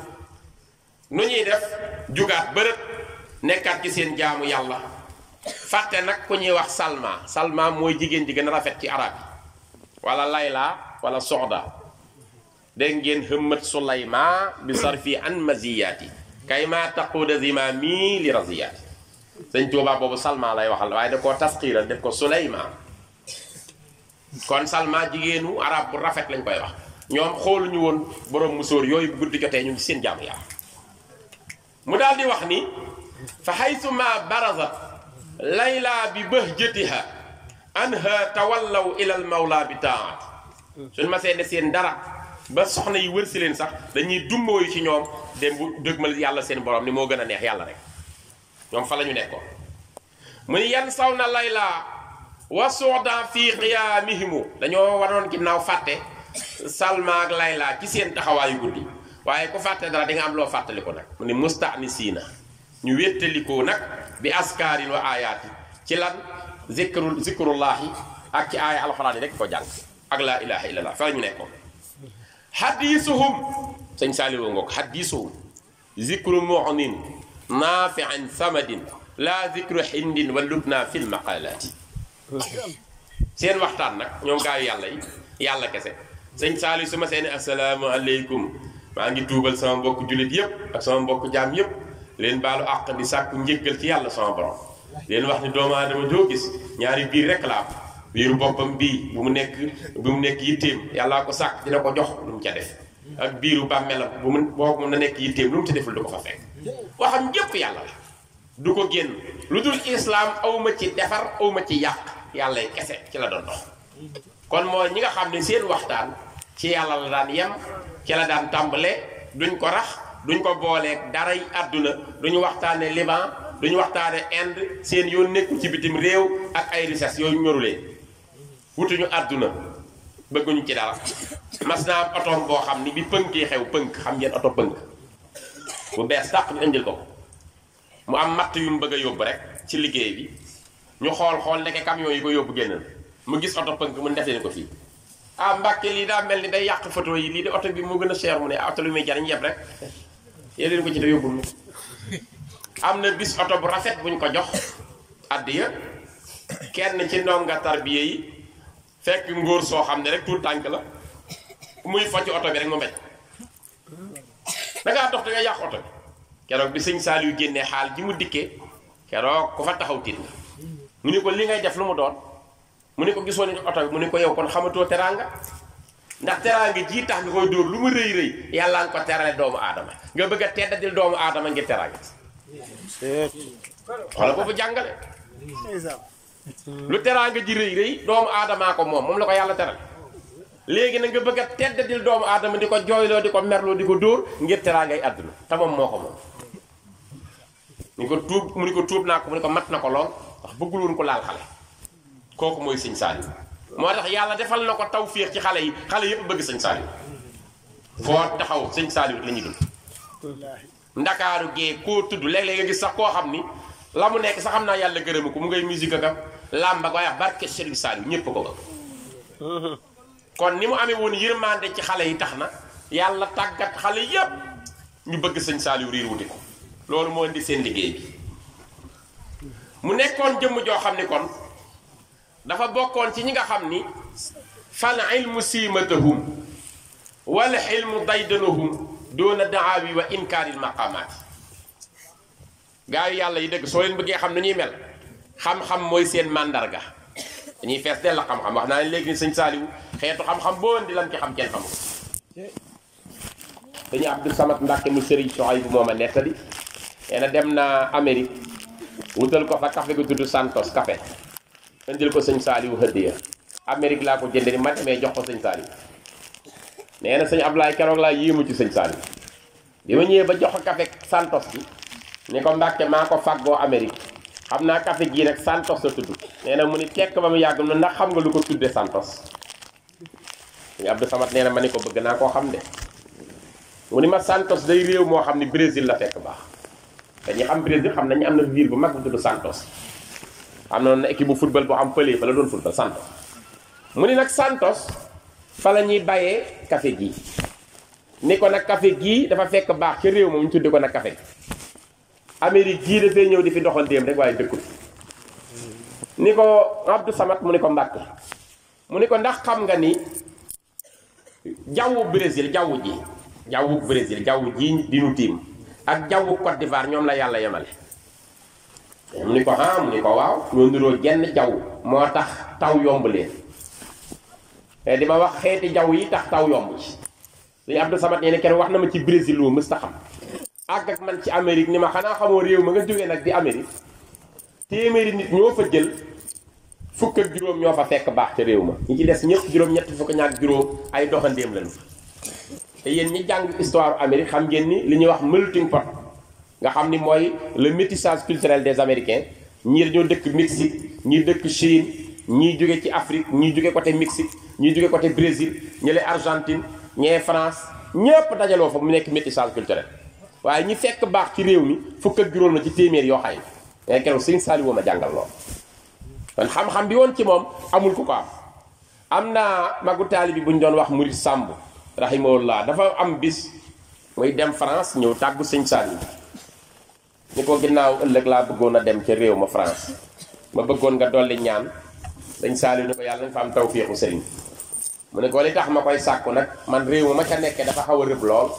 nu ñuy def jugaat bërëb nekkat ci seen jaamu yàlla fàtte nag ku ñuy wax salma salma mooy jigéen ji gën a rafet ci arab wala layla wala soxda dégg ngeen hëmmat sulayma bi sarfi an maziyati, kay ma taquda zimami li raziyaati sëñ tuubaa boobu salma lay waxal waaye da koo tasqiiral def ko sulayma kon salma jigéenu arab bu rafet lañ koy wax ñoom xooluñu woon borom musóor yooyu guddi jotee ñu seen jaamu yàlla mu daal di wax ni fa haythuma barazat layla bi bahjatiha anha tawallaw ila al mawla bi taat suñ ma see seen dara ba soxna yi wër si leen sax dañuy dumboo yi ci ñoom dem bu dëgmal yàlla seen borom ni moo gën a neex yàlla rek ñoom fa la ñu nekkoon mu ni yan saw na layla wa suuda fii xiyaamihimu dañoo waroon ginnaaw fàtte salma ak layla ci seen taxawaayu guddi waaye ku fàtte dara di am loo fàttali ko nag mu ni mustaanisiina ñu wéttalikoo nak bi askaari wa ayati ci lan zikrul zikrullah ak ci aaya alquran rek ko jàng ak la ilaha illallah fa ñu nekkoon hadithuhum sëñ saaliroo ngok hadithu zikru mu'min nafi'an samadin la zikru hindin wa lubna fil maqalaati seen waxtan nak ñom gaayu yàlla yi yàlla kesse sëñ saali su seen assalamu alaykum aleykum ngi tuubal sama mbokk julit yep ak sama mbokk jam yep leen baalu àq di sàkku njéggal ci yàlla sama borom leen wax ni doomu aadama joo gis ñaari biir rek la am biiru boppam bii bu mu nekk bu mu nekk yitteem yàllaa ko sàkk dina ko jox lu mu ca def ak biiru bàmmeelam bu mu boo mun na nekk yitteem lu mu ca deful du ko fa fekk waxam yépp yàlla la du ko génn lu dul islaam awma ci defar awma ci yàq yàlla kese ci la doon dox kon mooy ñi nga xam ne seen waxtaan ci yàlla la daan yem ci la daan tàmbale duñ ko duñ ko booleek dara yi àdduna duñu waxtaane Liban duñu waxtaane Inde seen yoon nekku ci bitim réew ak ay richesse yooyu ñorulee wutuñu àdduna bëgguñu ci dara mas naa boo xam ni bi pënk yi xew pënk xam ngeen oto pënk bu bees tàq ñu indil ko mu am matt yu mu bëgg yóbbu rek ci liggéey bi ñu xool xool ndeke camion yi ko yóbbu génn mu gis oto pënk mu defee ko fii ah Mbàkke lii daa mel ni day yàq foto yi lii de oto bi moo gën a cher mu ne ah oto lu yéen leen ko ci te yóbbul ma am na bis oto bu rafet buñ ko jox addiya kenn ci ndonga tarbiye yi fekk ngóor soo xam ne rek tuut tànk la muy focc oto bi rek mu mbéj dangaa dox da nga yàq oto bi keroog bi sëñ Saliou génnee xaal ji mu dikkee keroog ku fa taxaw tiit mu ni ko li ngay def lu mu doon mu ni ko gisoo ni oto bi mu ni ko yow kon xamatoo teraanga ndax teraanga ji tax nga koy door lu mu reey reey yalla nga ko terale doomu adama nga bëgg tedd dil doomu aadama ngir teraanga xoolal boobu jangale lu teraanga ji reey reey doomu adama ko mom mom la ko yalla teral legi na nga bëgg tedd dil doomu adama diko joylo diko di diko door di ko dóor ngir teraangay àdduna te moom moo ko ni ko tuub mu ni ko tuub naa ko mu ni ko mat na ko lool wax bëggul won ko laal xale koku moy seigne sall moo tax yàlla defal na ko taw tawféex ci xale yi xale yëpp bëgg sëñ Saliou foo taxaw sëñ Saliou la dul ndakaaru gee koo tudd léeg-léeg nga gis sax koo xam ni la mu nekk sax am naa yàlla gërëm ko mu ngay musique aka làmba ak waaye barke Serigne Saliou ñépp ko ba kon ni mu amee woon yërmande ci xale yi tax na yàlla tàggat xale yépp ñu bëgg sëñ Saliou riir wuti ko loolu moo indi seen liggéey bi mu nekkoon jëmm joo xam ni kon dafa bokkoon ci ñi nga xam ni fal ilmu siimatahum wal ilmu daydanahum dona daawi wa inkaril maqamaati gaayu yàlla yi dëgg soo leen bëggee xam nañuy mel xam-xam mooy seen mandarga dañuy fees dell xam-xam wax naa ne léegi ni sëñ saaliwu xeetu xam-xam boon di lan ci xam kenn xamu dañu abdou samat mbàkke mu sëriñ soxay bu moom ena dem na amérique wutal ko fa café gu santos café indil ko sëñ Saaliwu hëddiya Amérique laa ko jëndee ma demee jox ko sëñ Saaliwu nee na sëñ Ablaay keroog laa yéemu ci sëñ Saaliwu bi ma ñëwee ba jox ko kafe Santos bi ni ko Mbàkke maa ko fàggoo Amérique xam naa café gii nag Santos la tudd nee na mu ni tekk ba mu yàgg na ndax xam nga lu ko tudde Santos sëñ Abdou Samad nee ma ni ko bëgg naa koo xam de mu ni ma Santos day réew moo xam ni Brésil la fekk baax te ñi xam Brésil xam nañu am na ville bu mag bu tudd Santos am na équipe bu football bu am pëlee fa la doon football Santos mu ni nag Santos fa la ñuy bayee café gii ni ko nag café gii dafa fekk baax ca réew moom ñu tudde ko nag café Amérique gii dafay ñëw di fi doxanteem rek waaye dëkkul ni ko Abdou samat mu ni ko Mbàkke mu ni ko ndax xam nga ni jawwu Brésil jawwu ji jawwu Brésil jawwu ji di ñu tiim ak jawwu Côte d'Ivoire ñoom la yàlla yemale mu ni ko ah mu ni ko waaw ñoo niroo jenn jaw moo tax taw yomb leen te eh, di ma wax xeeti jaw yi tax taw yomb ci suñu Abdou Samad nee na wax na ma ci Brésil lu mës xam ak ak man ci Amérique ni ma xanaa xamoo réew ma nga jógee nag di Amérique téeméeri nit ñoo fa jël fukk ak juróom ñoo fa fekk baax ca réew ma ñi ci des ñëpp juróom ñett fukk ñaak juróom ay doxandéem lañu te yéen ñi jàng histoire Amérique xam ngeen ni li ñuy wax melting pot nga xam ni mooy le métissage culturel des américains ñii dañoo dëkk Mexique ñii dëkk Chine ñii jóge ci Afrique ñii jóge côté Mexique ñii jóge côté Brésil ñële Argentine ñee France ñëpp dajaloo fa mu nekk métissage culturel waaye ñi fekk baax ci réew mi fukk ak juróom na ci téeméer yoo xay mais eh, keroog sëñ Saliou ma jàngal lool kon xam-xam bi woon ci moom amul ku ko am am na magu taali bi bu ñu doon wax Murid Samb rahimahullah dafa am bis muy dem France ñëw tàggu sëñ Saliou ni ko ginnaaw ëllëg laa bëggoon a dem ca réew ma France ma bëggoon nga dolli ñaan dañ saali ni ko yàlla nga fa am tawféexu sëriñ mu ne ko li tax ma koy sàkku nag man réew ma ma ca nekke dafa xaw a rëb lool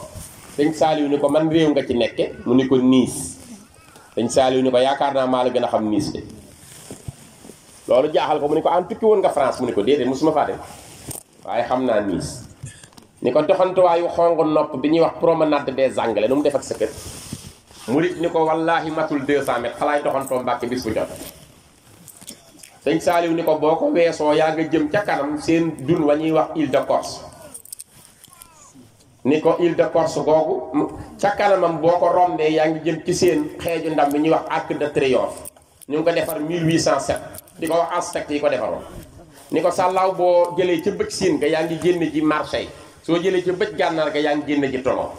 dañ saaliw ni ko man réew nga ci nekke mu ni ko niis dañ saaliw ni ko yaakaar naa maa la gën a xam niis de loolu jaaxal ko mu ne ko am tukki woon nga France mu ne ko déedéet mosuma faa dem waaye xam naa niis ni ko doxantuwaayu xong nopp bi ñuy wax promenade des Anglais nu mu def ak sa kër murit ni ko wallaahi matul 200 mètres xalaay doxantoo Mbàkke bis bu jot sëñ Saaliw ni ko boo ko weesoo yaa nga jëm ca kanam seen dun wa ñuy wax Île de Corse ni ko Île de Corse googu ca kanamam boo ko rombee yaa ngi jëm ci seen xeeju ndam bi ñuy wax Arc de Triomphe ñu ngi ko defar 1807 di ko wax aztèques yi ko defaroon ni ko sàllaaw boo jëlee ca bëj siin nga yaa ngi génn ji Marseille soo jëlee ca bëj gànnaar nga yaa ngi génn ji Toulon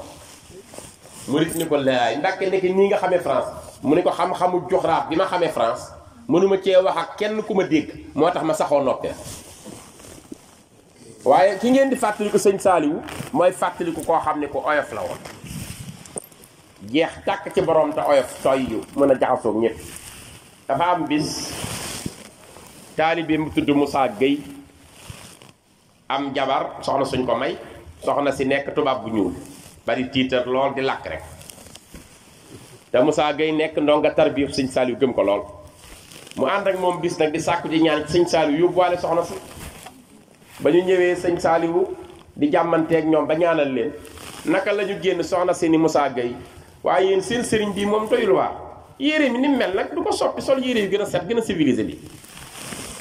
mu ni ko laay ndàkke ndeke nii nga xamee France mu ni ko xam-xamu joxraaf bi ma xamee France mënuma cee wax ak kenn ku ma dégg moo tax ma saxoo noppee waaye ki ngeen di fàttaliku sëñ Saaliwu mooy fàttaliku koo xam ne ku oyof la woon jeex tàkk ci borom te oyof tooy mën a jaxasoog ñëpp dafa am bis taalibe mu tudd Moussa Gueye am jabar soxna suñ ko may soxna si nekk tubaab bu ñuul bari tiitar lool di làkk rek te musaa Gueye nekk ndongo tarbiya sëñ Saliou gëm ko lool mu ànd ak moom bis nag di sàkku ji ñaan sëñ Saliou yóbbuwaale soxna si ba ñu ñëwee sëñ saaliwu di jàmmanteeg ñoom ba ñaanal leen naka la ñu génn soxna si ni Moussa Gueye waaye yéen seen sëriñ bii moom doyul waa yére mi ni mel nag du ko soppi sol yére yu gën a set gën a civilisé bi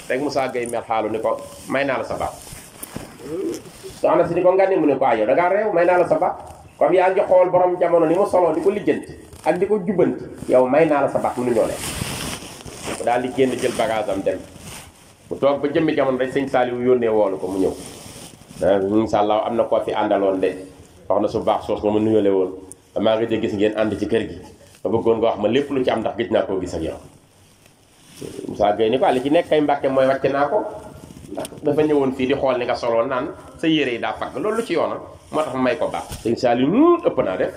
rek Moussa Gueye mer xaalu ni ko may naa la sa baat soxna si ni ko nga ne mu ne ko yow comme yaa ngi xool borom jamono ni mu soloo di ko lijjanti ak di ko jubbanti yow may naa la sa bax mënuñoo ne mu daal di génn jël bagage am dem mu toog ba jëmmi jamono rek sëñ Saliou yónnee woolu ko mu ñëw ah, incha allah am na koo fi àndaloon wax na su baax soos ma mu nuyale woon maa ngi gis ngeen ànd ci kër gi ma bëggoon nga wax ma lépp lu ci am ndax gis naa koo gis ak yow Moussa Gueye ni ko li ci nekk kay Mbàkke mooy wàcc naa ko ndax dafa ñëwoon fii di xool ni nga soloon naan sa yére yi daa fagg loolu lu ci yoona motax may ko bax seigne Saliou mu ëpp na def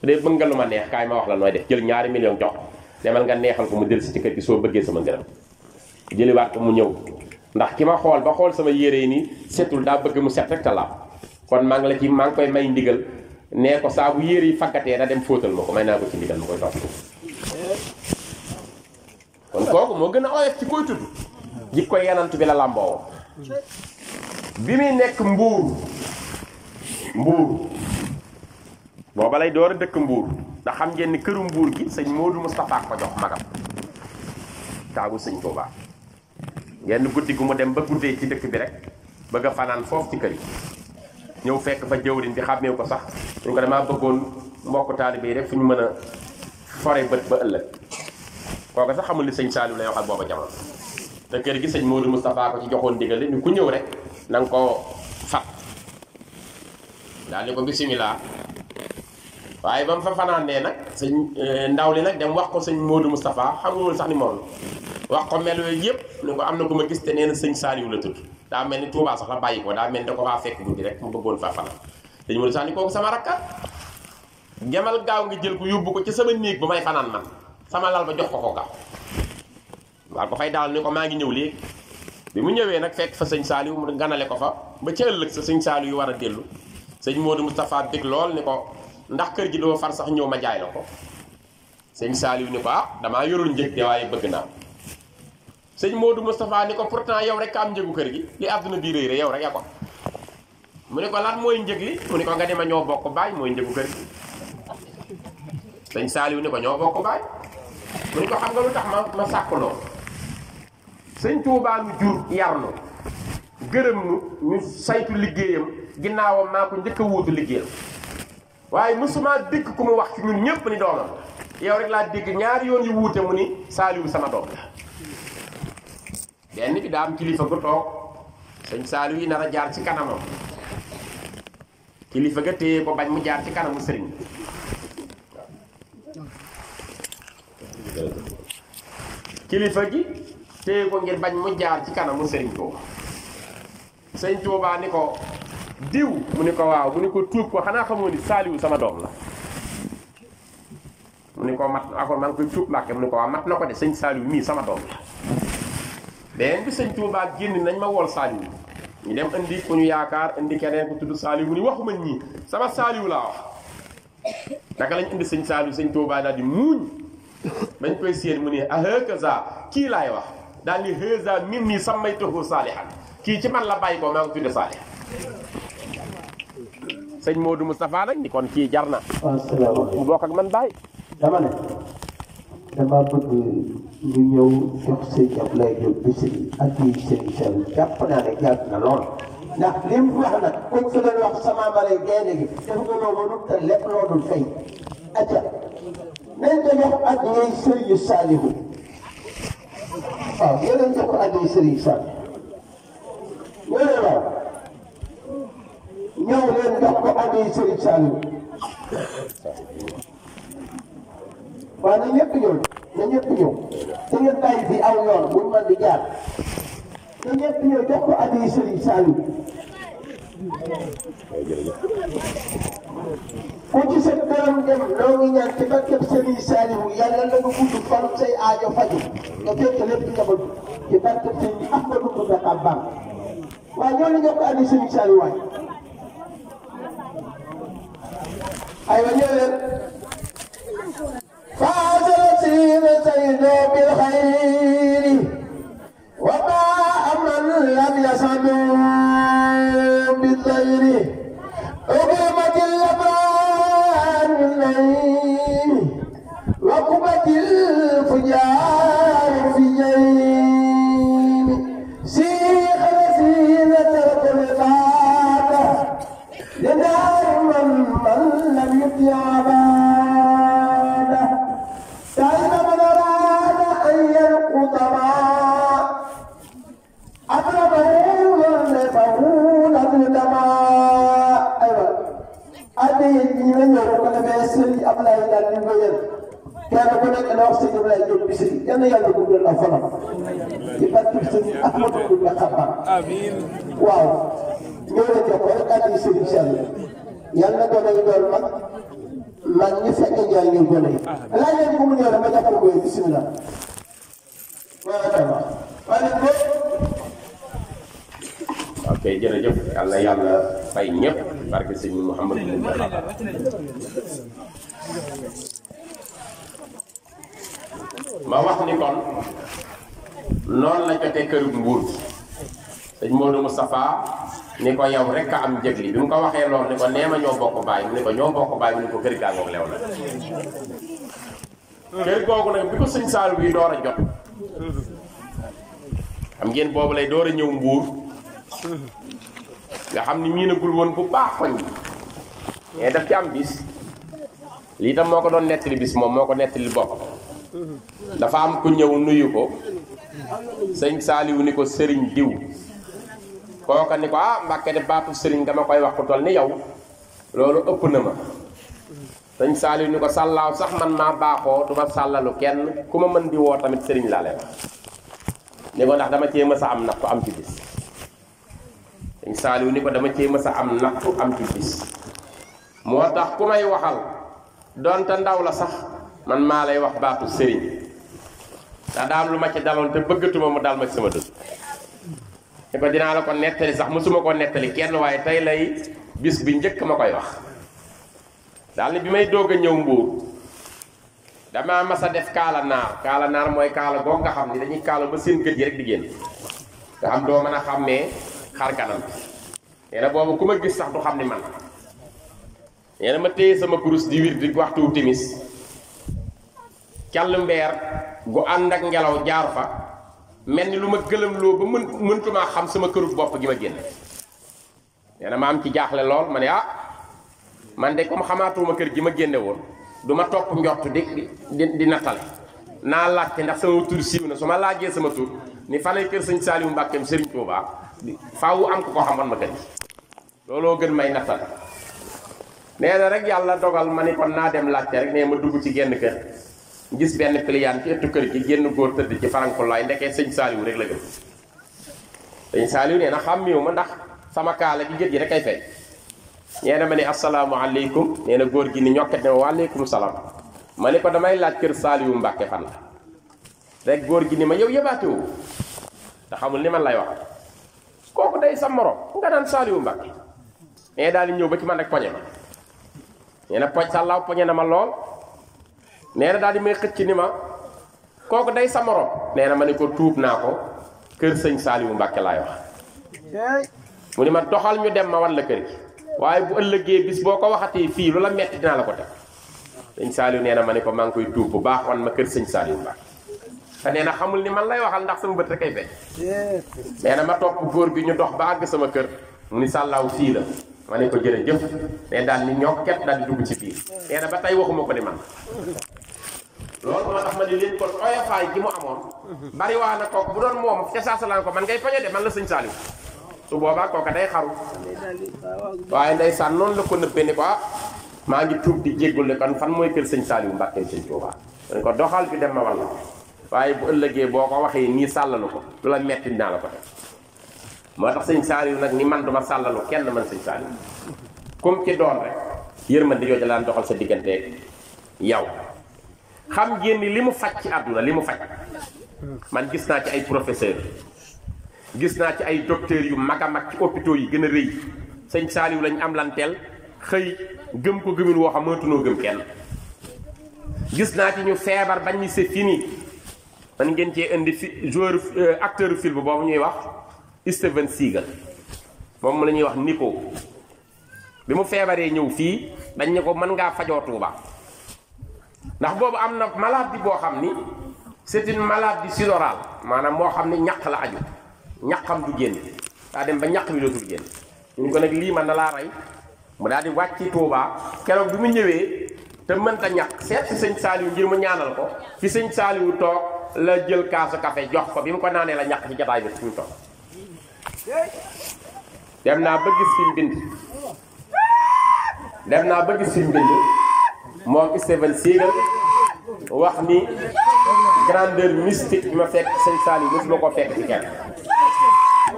de bëng nga luma neex kay ma wax la noy def jël ñaari million jox demal nga neexal ko mu dellu ci kër bi so bëggee sama ngërëm waat ko mu ñëw ndax kima xol ba xol sama yéré ni setul daa bëgg mu set rek ta la kon ma nga la ci ma ngi koy may ndigal nee ko sa bu yéré yi faggatee dem fotal mako may na ko ci ndigal mako koy kon ko moo gën a oyof ci koy tudd jikko yanantu bi la lambo bi mi nek mbour mbuur booba lay door a dëkk mbuur ndax xam ngeen ni këru mbuur gi sëñ Modou Moustapha ko jox magam taagu sëñ Touba genn guddi gu mu dem ba guddee ci dëkk bi rek bëgg a fanaan foofu ci kër yi ñëw fekk fa jëwriñ bi xàmmee ko sax ñu ko damaa bëggoon mbokk taalibe yi rek fu ñu mën a fore bët ba ëllëg kooku sax xamul li sëñ Saliou lay waxal booba jamono te kër gi sëñ Modou Moustapha ko ci joxoon digale ni ku ñëw rek na nga koo daal ni ko bisimila waaye ba mu fa fanaanee nag sëñ eh, ndaw li nag dem wax ko sëñ moodu xam Moustapha xamul sax ni moom wax ko mel yooyu yëpp ni ko am na ku ma gis te nee na sëñ Saliou la tudd daa mel ni Touba sax la bàyyi ko daa mel ni ko faa fekk guddi rek mu bëggoon faa fanaan sëñ Modou sax sama rakka gemal gaaw ngi jël ko yóbbu ko ci sama néeg ba may fanaan man sama lal ba jox ko ko gaaw waaw ko fay daal ni ko maa ngi ñëw léegi bi mu ñëwee nag fekk fa sëñ Saliou mu ganale ko fa ba ca ëllëg sa sëñ yu war a dellu sëñ Modou Moustapha bég lool ni ko ndax kër gi doo far sax ñëw ma jaay la ko sëñ Saliou ni ko ah damaa yorul njëg de waaye bëgg naa sëñ Modou Moustapha ni ko pourtant yow rek am njëgu kër gi li àdduna bii rëy rek yow rek yaa mu ne ko lan mooy njëg li mu ne ko nga di ma ñoo bokk baay mooy njëgu sëñ Saliou ni ko ñoo ko xam nga lu tax ma ma sàkk lool sëñ Touba nu jur yar nu gërëm nu ñu saytu liggéeyam. ginnaawam naa ko njëkk a wuutu liggéeyam waaye mosuma dégg ku mu wax ci ñun ñëpp ni doomam yow rek laa dégg ñaari yoon yu wuute mu ni Saliou sama doom la benn bi daa am kilifa sëñ Saliou yi nar jaar ci kanamam kilifa ga téye mu jaar ci kanamu sëriñ gi téye ko ngir bañ mu jaar ci kanamu sëriñ Tuuba sëñ Tuuba ni ko diw mu ne ko waaw mu ne ko tuub ko xanaa xamoo ni saaliwu sama doom la mu ni ko mat ako maa ngi koy mu ni ko waaw mat na ko de sëñ saaliwu mii sama doom la beneen bi sëñ Tuubaa génn nañ ma wool saaliwu ñu dem indi ku ñu yaakaar indi keneen ku tudd saaliwu mu ni waxuma ñii sama saaliwu laa wax naka lañ indi sëñ saaliwu sëñ Tuubaa daal di muuñ bañ koy séen mu ni ahëkaza kii laay wax daal ni hëza min nii sammay toxu saalihan kii ci man la bàyyi ko maa ngi ko tudde saalihan sëñ Modou Moustapha nag ni kon kii jar mu bokk ak man Baye. dama ne dama bëgg ñu ñëw jox sëñ Ablaye Diop bisimilah ak kii sëñ Sall jàpp naa ne jàpp na lool. ndax li mu wax nag comme su doon wax sama mbare gaynde gi def nga loo mënul te lépp loo dul fay. acca nañ ko jox ak ñooy Serigne Saliou waaw yéen a jox ko ak ñooy Serigne ñëw leen jox ko addi Serigne Saliou waaw na ñëpp ñëw na ñëpp ñëw te ngeen di jaar na ñëpp ñëw jox ko addi Kunci sekarang ku ci sa borom dem noo ngi ñaan ci barkeb Serigne Saliou yàlla la nga kita fan say aajo faju nga fekk lépp njaboot ci barkeb Serigne Ahmadou Moustapha Bam فاجرت زينتين بالخير وما أمن لم يسعدوا yal na yàlla guddal ak ci barke sëriñ Ahmadou Ndour ak Abba waaw ñoo la jox rek addi sëriñ Sall yal na gone doon mag man ñi fekk njaay ñu gone yi laaj ko mu ñëw ma jàppal ko bismillah ma wax ni kon noonu la jotee kërub nguur moom lu Moustapha ni ko yow rek am am jëgli bi mu ko waxee lool ni ko nee ñoo bokk bàyyi mu ni ko ñoo bokk bàyyi mu ni ko kër gaa ngoog leew na kër googu nag bi ko sëñ Saalum yi door a jot xam ngeen boobu lay door a ñëw mbuur nga xam ni miinagul woon bu baax koñ bi mais daf ci am bis lii tam moo ko doon nettali bis moom moo ko nettali bopp dafa am ku ñëw nuyu ko sëñ saaliwu ni ko sëriñ diw kooka ni ko ah mbàkke de baatu sëriñ dama koy wax ku toll ni yow loolu ëpp na ma sëñ saaliwu ni ko sàllaaw sax man maa baaxoo duma sàllalu kenn ku ma mën di woo tamit sëriñ laa leen ni ko ndax dama cee mës am am nattu am ci bis sëñ saaliwu ni ko dama cee mës a am nattu am ci bis moo tax ku may waxal doonte ndaw la sax man maa lay wax baatu sëriñ da daam lu ma ci dalon te bëggatuma mu dal ma sama dund te ba dinaa la ko nettali sax musuma ko nettali kenn waaye tey lay bis bi njëkk ma koy wax daal ni bi may doog a ñëw mbuur damaa mas a def kaala naar kaala naar mooy kaala goog nga xam ni dañuy kaala ba seen gëj yi rek di génn nga xam doo mën a xàmmee xar kanam nee na boobu ku ma gis sax du xam ni man nee na ma téye sama kurus di wir di waxtu timis càll mbeer gu ànd ak ngelaw jaar fa mel ni lu ma gëlëm loo ba mën xam sama bopp gi ma génn nee na ma am ci jaaxle lool ma ne ah man de comme xamaatuma kër gi ma génne woon du ma topp njort di di di nattale naa laajte ndax sama tur siiw na su ma laajee sama tur ni lay kër sëñ Saliou Mbakem Sëriñ Touba faawu am ko ko xamoon ma gën looloo gën may natal nee na rek yàlla dogal ma ni kon naa dem laajte rek ne ma dugg ci genn kër gis benn client ci ëttu kër gi génn góor tëdd ci lay ndekee sëñ saliw rek la gëm sëñ saliw nee na xàmmiwu ma ndax sama kaala gi gët gi rek ay fay nee na ma ne asalaamaaleykum nee na góor gi ni ñokkat ne waaleykum salaam ma ne ko damay laaj kër saliw mbàkke fan la rek góor gi ni ma yow yëbaate wu te xamul ni man lay wax kooku day sa morom nga daan saliw mbàkke nee daal di ñëw ba ci man rek poñe ma nee na poñ sàllaaw poñe na ma lool neena na di may xecc ni ma koku day sa morom neena na ko tuub naa ko kër sëñ Saaliwu wax muni ma doxal ñu dem ma wan la keur waye bu ëllëgee bis boko ko fi lu la metti dina la ko def seigne saliw neena na ma ko maa koy tuub bu baax wan ma keur seigne saliw Mbàkke fa neena xamul ni man lay waxal ndax sama bët rek ay neena ma top goor bi ñu dox ba ag sama keur muni ni fi la mané ko jëre jëf né dal ni ñokket dal dugg ci biir ba tay waxuma ko ni man loolu moo tax ma yi leen kon oyofaay gi mu amoon bari waa na kooku bu doon moom ca saasalaan ko man ngay poñe de man la sëñ Saaliw su boobaa kooka day xaru waaye ndeysaan noonu la ko nëbbee ko ah maa ngi tuub di jéggul ne kon fan mooy kër sëñ Saaliw Mbàkke sëñ Tuubaa dañ ko doxal bi dem ma walla waaye bu ëllëgee boo ko waxee nii sàllalu ko lu la metti naa la ko def moo tax sëñ Saaliw nag ni man duma sàllalu kenn man sëñ Saaliw comme ci doon rek yërmande yooyu daan doxal sa digganteeg yow xam ngeen ni li mu faj ci àdduna li mu faj man gis naa ci ay professeur gis naa ci ay docteurs yu mag a mag ci hôpitaux yi gën a rëy sëñ Saaliw lañ am lanteel xëy gëm ko gëmin woo xam mënatunoo gëm kenn gis naa ci ñu feebar bañ ni c'est fini man ngeen cee indi fi joueur euh, acteur film boobu ñuy wax Steven Seagal moom la ñuy wax niko bi mu feebaree ñëw fii dañ ne ko mën ngaa fajoo Tuuba ndax bobu am na maladie boo xam ni c'est une maladie sidorale manam mo xamni ñak la aju ñakam du genn da dem ba ñàq bi dul genn ñu ko nak li man la ray mu daal wacci toba kéro bu mu ñëwé te mënta ñàq seet si sëñ saaliwu ngir mu ñaanal ko fi sëñ saaliwu tok la jël kaasu café jox ko bimu ko nané la ñak ci jabaay bi ci tok dem na ba gis bind dem na ba gis bind moom Steven Seagal wax ni grandeur mystique bi ma fekk sëñ Saliou mosuma ko fekk ci kenn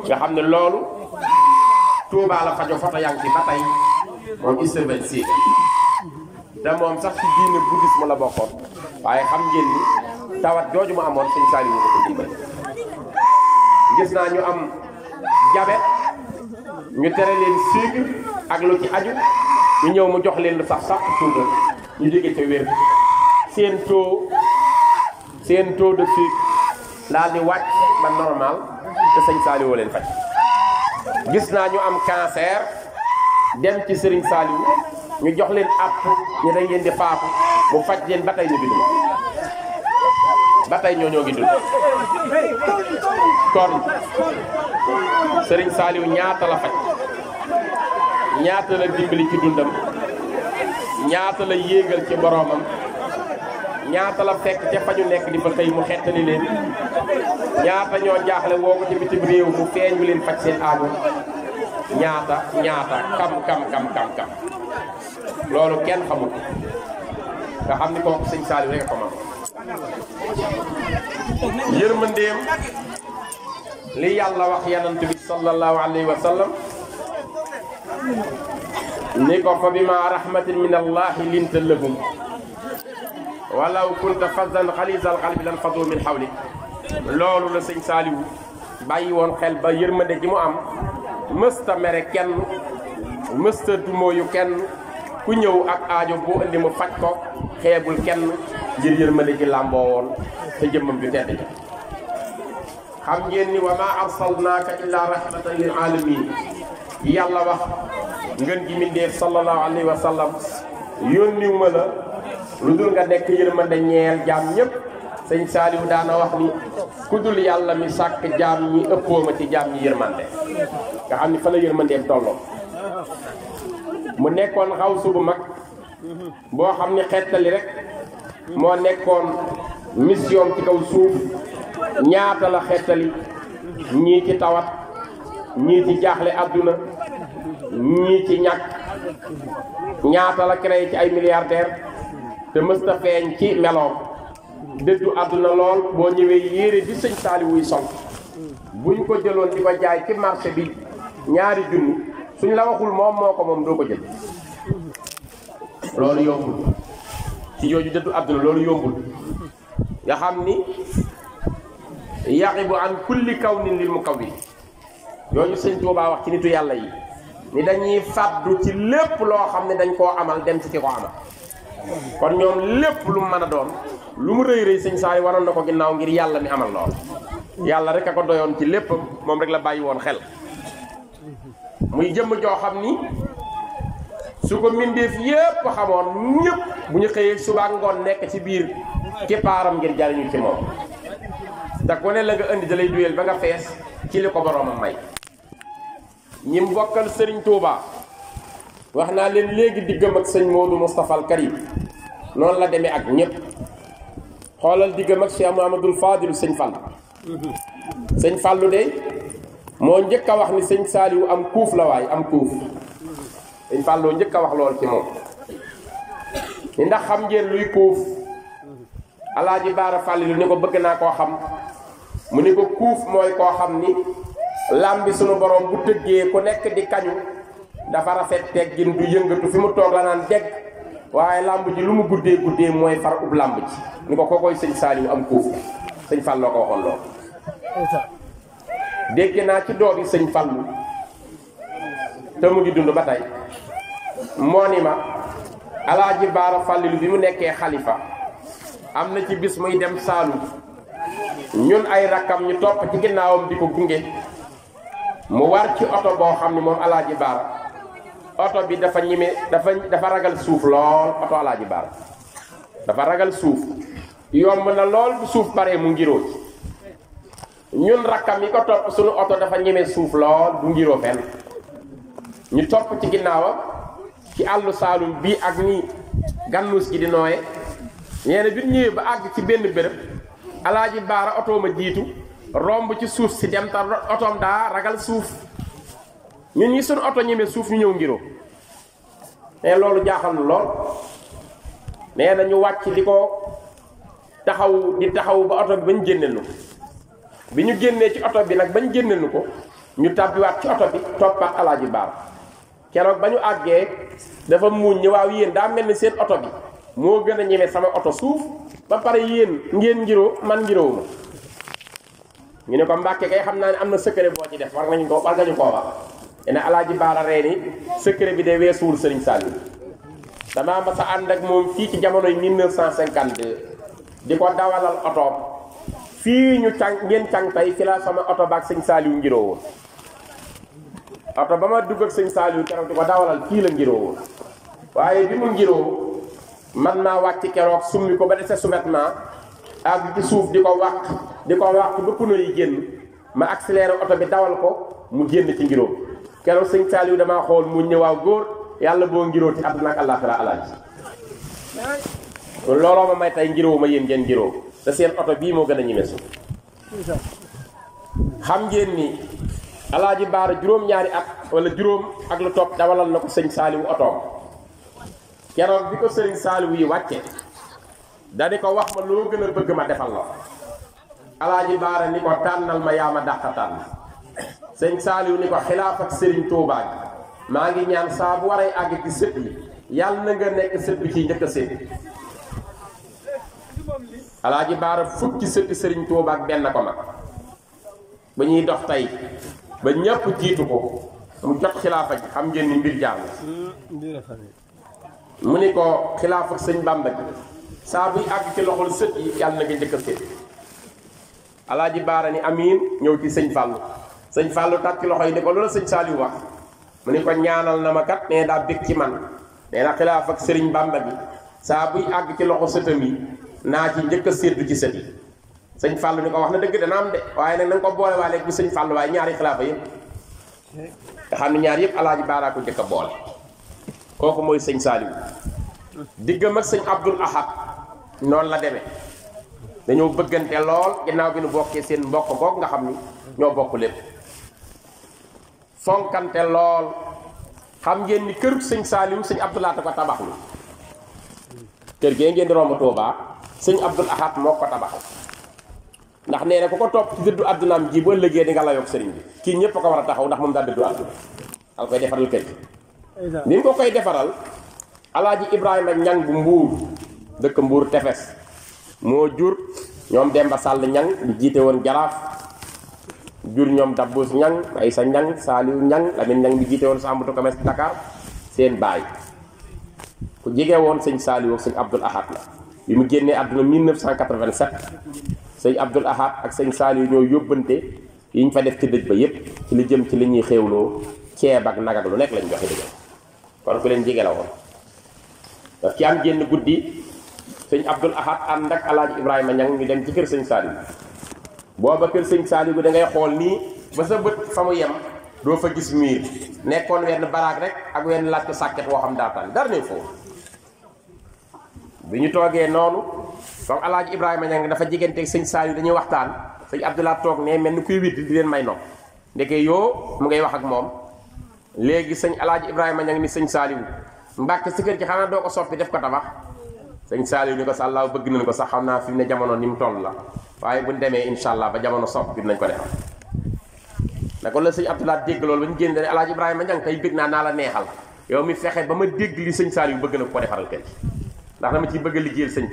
nga xam ne loolu Touba la fajo foto yang ci ba tey moom Steven Seagal te moom sax ci diine bouddhisme la bokkoon waaye xam ngeen ni tawat jooju mu amoon sëñ Saliou moo ko dimbali naa ñu am jabe ñu tere leen sucre ak lu ci aju ñu ñëw mu jox leen lu sax sax suukar ñu jóge ca wér seen taux seen taux de fi daal di wacc ba normal te sëñ Saliou leen fajj gis na ñu am cancer dem ci sëriñ Saliou ñu jox leen app ñu dañ leen di faatu bu fajj leen batay ñu bindu batay ñoo ñoo ngi kon sëriñ Saliou ñaata la fajj ñaata la dimbali ci dundam ñaata la yéegal ci boroomam ñaata la fekk ca fañu nekk di fa mu xettali leen ñaata ñoo jaaxle woo ko ci bitim réew mu feeñu leen faj seen aajo ñaata ñaata kam kam kam kam loolu kenn xamul nga xam ni kooku sëñ Saliou rek a ko man yërmandeem li yàlla wax yanant bi sallallahu alayhi wa sallam نيكو فبما رحمه من الله لنت لهم ولو كنت فظا غليظ القلب لانفضوا من حولك لولو لا سيغ ساليو باي وون خيل با يرمد جي مو ام مستمر كين مستر دومويو كين كو نييو اك اديو بو اندي مو فاج كو خيبول كين جير يرمد جي لامبو وون تي جيمم بي تيدي خام جين ني وما ارسلناك الا رحمه للعالمين yàlla wax ngeen gi mbindeef sallallahu alayhi wa sallam yónniwu ma la lu dul nga nekk yërmande ñeel jaam ñépp sëñ Saaliw daana wax ni ku dul yàlla mi sàkk jaam ñi ëppoo ma ci jaam ñi yërmande nga xam ni fa la yërmandeem tolloo mu nekkoon xaw subu mag boo xam ni xettali rek moo nekkoon mission ci kaw suuf ñaata la xettali ñii ci tawat ñii ci jaaxle ñii ci ñàkk ñaata la créé ci ay milliardaire te mësta feeñ ci meloom dëddu àdduna lool boo ñëwee yére bi sëñ Saaliwu sol buñ ko jëloon di ko jaay ci marché bi ñaari junni suñ la waxul moom moo ko moom doo ko jël loolu yombul ci jooju dëddu àdduna loolu yombul nga xam ni yaqibu an kulli kawnin lil mukawwin yooyu sëñ Tuubaa wax ci nitu yàlla yi ni dañuy fàddu ci lépp loo xam ne dañ koo amal dem ci ki ko amal kon ñoom lépp lu mën a doon lu mu rëy rëy sëñ yi waroon na ko ginnaaw ngir yàlla mi amal lool yàlla rek a ko doyoon ci lépp moom rek la bàyyi woon xel muy jëmm joo xam ni su ko mbindeef yépp xamoon ñëpp bu ñu xëyee suba ak ngoon nekk ci biir kippaaram ngir jariñu ci moom te ku la nga indi da lay duyel ba nga fees ci li ko boroomam may ñi mbokkal sëriñ Touba wax naa leen léegi diggam ak sëñ Modou Moustapha Karim noonu la demee ak ñëpp xoolal diggam ak Cheikh Mouhamadoul Fadilu sëñ Fall sëñ Fallu de moo njëkk a wax ni sëñ Saaliwu am kuuf la waay am kuuf sëñ Falloo njëkk a wax lool ci moom ni ndax xam ngeen luy kuuf alaaji Baara Fàllilu ni ko bëgg naa koo xam mu ni ko kuuf mooy koo xam ni lam bi sunu borom bu tëggee ku nekk di kañu dafa rafet teggin yëngatu fi mu toog la waaye lamb ji lu mu guddee guddee mooy far ub lamb ji ni ko kookoy sëñ Saliou am kuuf sëñ Fall ko waxoon lool. naa ci doomi sëñ Fallu te mu dund ba tey moo ni ma alaaji baara fàllilu bi mu nekkee xalifa am na ci bis muy dem Saalum ñun ay rakkam ñu topp ci ginnaawam di ko gunge mu war ci auto bo xamni mom moom bar auto bi dafa ñimi dafa dafa ragal suuf lool auto alaaji bar dafa ragal suuf yom na lool bu suuf bare mu ngiro ñun rakam yi ko top sunu auto dafa ñimi suuf lool bu ngiro fen ñu top ci ginnaawam ci allu salum bi ak ni gannus gi di noy ñene bi ñewé ba ag ci benn béréb alaaji bar auto ma jiitu romb ci suuf si dem ta otoom daa ragal suuf ñun ñi oto ñemee suuf ñu ñëw ngiro mais loolu jaaxal na lool nee na ñu wàcc di ko taxaw di taxaw ba oto bi bañ génneel ko bi ñu génnee ci oto bi nag bañ génneel ko ñu tàbbiwaat ci oto bi toppaat alaaji baar keroog ba ñu àggee dafa muuñ ñi waaw yéen daa mel ni seen oto bi moo gën a ñeme sama oto suuf ba pare yéen ngeen ngiroo man ngiroowuma ñu ne ko mbacke kay xamna naa ne am na secret bo ci def war nañ ko war nañu koo wax ene alaaji bara reeni secret bi de wessul serigne Saliou dama ma a and ak mom fi ci jamono 1952 diko dawalal auto fi ñu tang ngeen tang tay fi la sama auto bak serigne Saliou ngiroo won auto bama dugg ak serigne Saliou keroog diko dawalal fi la ngiro won waye bi mu ngiro man naa wàcc keroog summi ko ba dese sous-vêtement àgg suuf di ko wàq di ko wàq ba pneu yi génn ma accéléré oto bi dawal ko mu génn ci ngiroo kenoon sëñ Saliou damaa xool mu ñëwaaw góor yàlla boo ngiroo ci àdduna ak àllaaxira ma may tey ngiroo ma bii moo gën a ngeen ni alaaji baara juróom at wala juróom ak lu topp dawalal na ko sëñ Saliou otoom keroog bi ko sëriñ Saliou yi wàcce da di ko wax ma loo gën a bëgg ma defal la alaaji baara ni ko tànnal ma yaa ma dàq tànn sëñ saaliw ni ko xilaaf ak sëriñ tuubaa maa ngi ñaan saabu bu waree àgg ci sët bi yàlla na nga nekk sët bi ci njëkk sëriñ tuubaa benn ko mag ba ñuy dox tey ba ñépp jiitu ko mu jot xilaafa ji xam ngeen ni mbir jaar mm, mu ni ko xilaaf ak sëñ bàmba gi sa bu ag ci loxol seut yi yalla na nga njëkkante alaaji baara amin ñew ci seigne fallu seigne fallu tak ci loxoy ne ko loola seigne saliw wax mané ne ko ñaanal na ma kat né da bëkk ci man né na khilaf ak seigne bamba bi sa bu ag ci loxo seutam yi na ci jëkke seddu ci sët yi sëñ ni ko wax na dëgg dana am de waye nak nang ko boole walé bu seigne fallu waaye ñaari xilaafa yi nga xam ñaar yëpp alaaji baara ko jëkke boole koku moy seigne saliw diggam mak seigne abdul ahad non la démé dañu bëggante lool ginnaw bi nu bokké seen mbokk bok nga xamni ño ñoo bokk lépp fonkante lool xam ngeen ni kër sëñ salim sëñ Abdou ta ko tabax ni kër gi ngeen di romb toba sëñ Abdul Ahad moko tabax ndax nee ko ko top ci dëddu adunaam ji bo leggé di nga la yok sëriñ bi ki ñepp ko wara taxaw ndax mom da dëddu àdduna al koy defaral kër gi ni mu ko koy defaral alaaji Ibrahima ñang bu mbuur dekk teves, tefes nyom jur ñoom Demba Sall ñang di jité won jaraf jur ñom dabbos ñang sa ñang Saaliw ñang min ñang bi jiite won sen Commerce Dakar seen bay ku jige won seigne Saaliw ak seigne Abdul Ahad la bi mu génné aduna 1987 seigne Abdul Ahad ak seigne Saaliw ñoy yobante yi ñu fa def ci deej ba yépp ci li jëm ci li ñuy xewlo ceeb ak nagag lu nek lañ joxe digal kon ku leen jige la won daf ci am génn guddii sëñ Abdul Ahad andak alhaji Ibrahim Ibrahima Ñang ñu dem ci kër sëñ bo ba kër sëñ sali bu da ngay xol ni ba sa bët fa mu yem doo fa gis mir nekkon wenn barak rek ak wenn lacc sakket wo xam daataan dar ne foofu bi ñu toogee noonu comme Alaaji Ibrahima Ñang dafa jigante sëñ Saaliw dañuy waxtaan tok ne melni kuy wit di len may nopp ndeke yo mu ngay wax ak mom alhaji Ibrahima Ñang ni sëñ sali mbàkk si kër gi xanaa ko soppi def ko tabax sëñ Saliou ni ko sàllaaw bëgg nañ ko sax xam naa fi ne jamono ni mu toll la waaye buñ demee incha allah ba jamono sopp bi nañ ko defal ko la sëñ Abdoulaye dégg loolu ba ñu génn ne El Hadj Ibrahima Niang tey neexal yow mi fexe ba ma dégg li sëñ Saliou bëgg na ko defaral kër ndax ciy bëgg a liggéeyal sëñ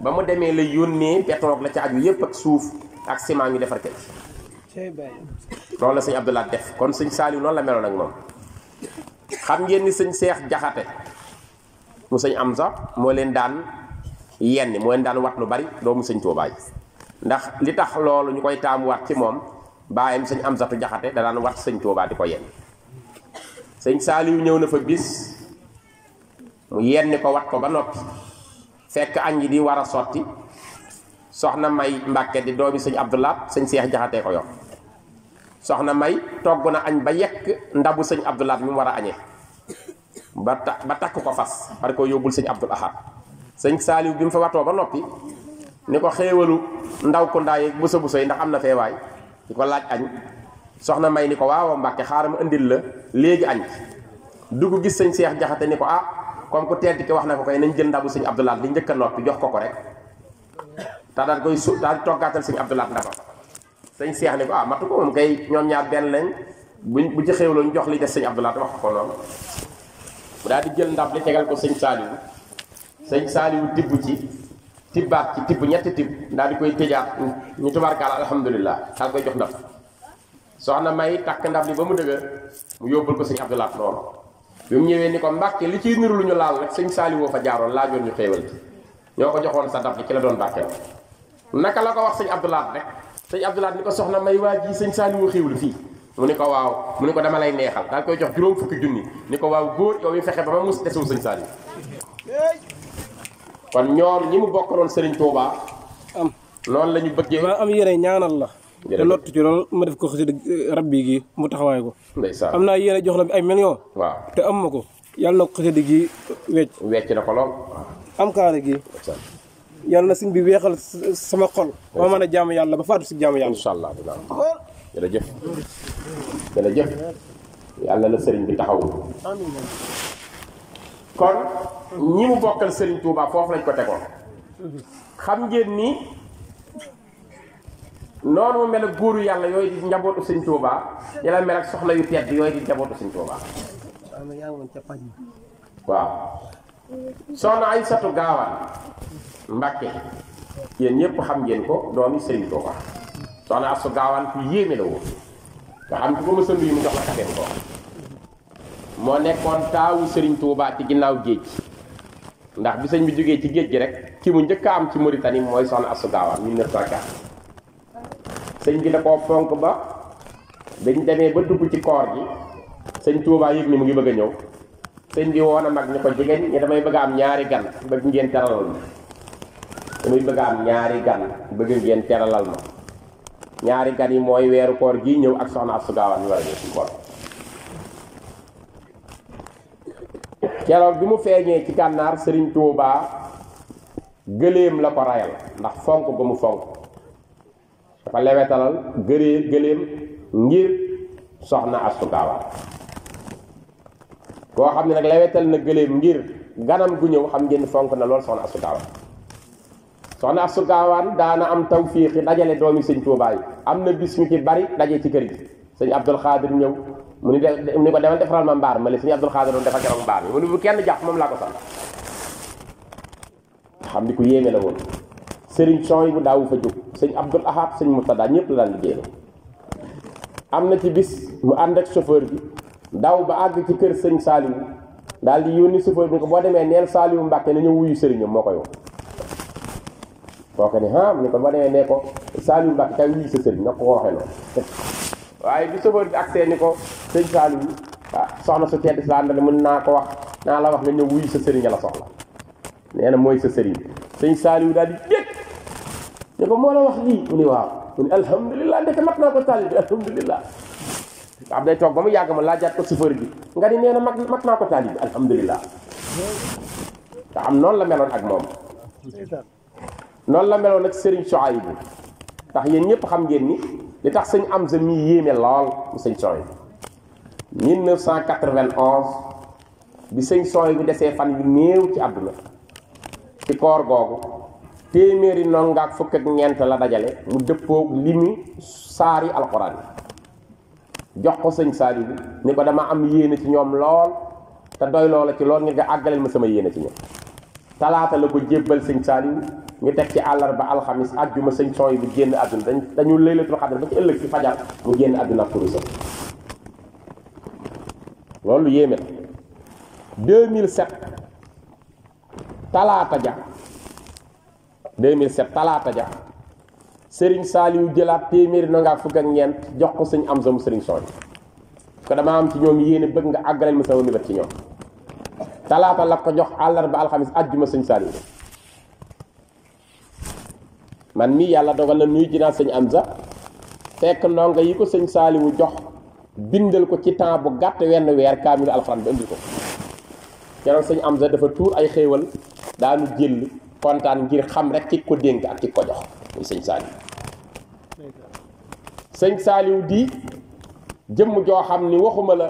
ba mu demee la yónnee béton ak la ci aju yépp ak suuf ak ciment ñu defar kër loolu la sëñ Abdoulaye kon sëñ Saliou noonu la meloon ak moom xam ngeen ni sëñ Cheikh Jaxate mu sëñ Amza moo leen daan yenn moo leen daan wat lu bari doomu sëñ Tuubaa yi ndax li tax loolu ñu koy taamuwaat ci moom baayam sëñ Amzatu Jaxate da daan wat sëñ Tuubaa di ko yenn sëñ Saaliw ñëw na fa bis mu yenn ko wat ko ba noppi fekk añ yi di war a sotti soxna May Mbàkke di doomi sëñ Abdulaat sëñ Seex Jaxatee ko yor soxna May togg na añ ba yekk ndabu sëñ Abdulaat mi mu war a añee ba ta ba takk ko fas war ko yóbbul sëñ Abdul Ahad sëñ Saaliw bi mu fa watoo ba noppi ni ko xéewalu ndaw ku ndaay busa busa yi ndax am na feewaay di laaj añ soxna may ni ko waaw Mbàkke xaaral ma indil la léegi añ dugg gis sëñ Seex Jaxate ni ko ah comme ku tedd wax na ko koy nañ jël ndabu sëñ Abdul Ahad li njëkk a jox ko ko rek te daal koy su daal toggaatal sëñ Abdul Ahad ndaba sëñ Seex ni ko ah matu ko moom kay ñoom ñaar benn lañ bu ci xéewloo ñu jox li def sañ Abdul Ahad wax ko ko noonu mu daal di jël ndab li tegal ko sëñ saliw sëñ saliw tibbu ci tibba ci tibbu ñetti tib daal di koy tëjaat ñu tubarkaal alhamdulillah daal koy jox ndab soxna may takk ndab li ba mu dëgër mu yóbbul ko sëñ abdulaat loolu bi mu ñëwee ni ko mbàkke li ciy niru lu ñu laal rek sëñ saaliwoo fa jaaroon joon ñu xéewal ci ñoo ko joxoon sa ndab li ci la doon bàkkee naka la ko wax sëñ abdulaat rek sëñ abdulaat ni ko soxna may waa ji sëñ saaliwoo xéewlu fii mu ni ko waaw mu ni ko dama lay neexal daal koy jox juróom fukki junni ni ko waaw góor yow yi fexe ba ma mus desew sëñ Saliou kon ñoom ñi mu bokkaloon Serigne Touba. am loolu la ñu bëggee. waaw am yéene ñaanal la. te lottu ci loolu ma def ko eh, rab yi gi mu taxawaay ko. ndeysaan am naa yéene jox la ay millions. waaw te am ma ko. yàlla na ko xasida gi wecc. na ko lool. am kaara gi. yàlla na sëñ bi weexal sama xol. ma man a jaamu yàlla ba faatu si jaamu yàlla. incha allah. jërëjëf jërëjëf yàlla la sëriñ bi taxaw kon ñi mu bokkal sëriñ Touba foofu lañ ko tegoon xam ngeen ni noonu mu mel ak góoru yàlla yooyu di njabootu sëriñ Touba di la soxla ak soxna yu tedd yooyu di njabootu sëriñ Touba waaw soxna ay satu gaawaan Mbàkke yéen ñëpp xam ngeen ko doomi sëriñ Touba soxna Astu Gaawaan ku yéeme la woon nga xam ne ku ko mës a nuyu mu jox la kafeem ko moo nekkoon taawu Sëriñ Tuubaa ci ginnaaw géej ndax bi sëñ bi jógee ci géej gi rek ki mu njëkk am ci Mauritanie mooy soxna Astu Gaawaan 1904 sëñ bi da koo fonk ba dañ demee ba dugg ci koor gi sëñ Tuubaa yëg ni mu ngi bëgg a ñëw sëñ bi woon a mag ñu ko jigéen ñi damay bëgg a am ñaari gan bëgg ngeen teralal ma damay a ñaari gan bëgg ngeen teralal ma ñaari kat yi mooy weeru koor gi ñëw ak soxna Astu Gaawaan ñu war a ñëw suñu koor keroog bi mu feeñee ci gànnaar Sëriñ Tuubaa gëléem la ko rayal ndax fonk gu mu fonk dafa lewetalal gëree gëléem ngir soxna Astu Gaawaan koo xam ne nag lewetal na gëléem ngir ganam gu ñëw xam ngeen fonk na lool soxna Astu Gaawaan soxna su Gaawaan daana am tawfiixi dajale doomi sëñ Tuubaa yi am na bis ñu ci bari daje ci kër gi sëñ Abdul Xaadir ñëw mu ni de mu ni ko demal defaral ma mbaar ma li sëñ Abdul Xaadir doon defal keroog mbaar mi mu ni bu kenn jàpp moom laa ko sant xam ni ku yéeme la woon sëriñ son yi bu daawu fa sëñ Abdul Ahad sëñ Murtada ñëpp la daan liggéeyal na ci bis mu ànd ak bi daw ba àgg ci kër sëñ Saliou daal di yónni chauffeur bi ko boo demee neel Saliou Mbàkke na ñëw wuyu sëriñam moo koy wax kooke ne ah mu ko ma nee nee ko Saliou Mbacke kay wuyu sa sëriñ na ko waxee noonu waaye bi sofër bi accès ni ko sëñ Saliou ah soxna su tedd si mën naa ko wax la wax nga sa sëriñ la soxla nee na mooy sa sëriñ sëñ Saliou daal di dégg ne ko moo la wax lii mu ne waaw mu ne alhamdulilah ndeke mat naa ko taalibe alhamdulilah am day ba mu yàgg ma laajaat ko bi nga ni nee na mat mat am noonu la meloon ak moom. noonu la meloon nag sëriñ Soaybu tax yéen ñëpp xam ngeen ni li tax sëñ Amza mi yéeme lool mu sëñ Soaybu bi sëñ Soaybu desee fan yu néew ci àdduna ci koor googu téeméeri ndongo ak fukk ak ñeent la dajale mu dëppoog limi saari alxuraan yi jox ko sëñ saari bi ni ko dama am yéene ci ñoom lool te doy loola ci lool ngir nga àggaleel ma sama yéene ci ñoom talaata la ko jébbal sëñ saari bi ñu tek ci ba al khamis sëñ señ yi bu genn àdduna dañ dañu laylatul qadr ba ci ëlëk ci fajar mu genn aduna ak lolou yéme 2007 talata ja 2007 talata ja saliw saaliw témir téeméeri nga fuk ak ñent jox ko señ am samu sëriñ son ko dama am ci ñom yéne bëgg nga àggaleel ma sama ba ci ñom talata la ko jox al khamis àjjuma señ saliw man mii yàlla dogal na nuyu ci sañ sëñ Amza fekk ndongo yi ko sëñ Saaliwu jox bindal ko ci temps bu gàtt wenn weer kaamilu alxuraan bi indil ko keroog sëñ Amza dafa tuur ay xéewal daanu jël kontaan ngir xam rek ki ko dénk ak ki ko jox muy sëñ Saaliwu sëñ Saaliwu di jëmm joo xam ni waxuma la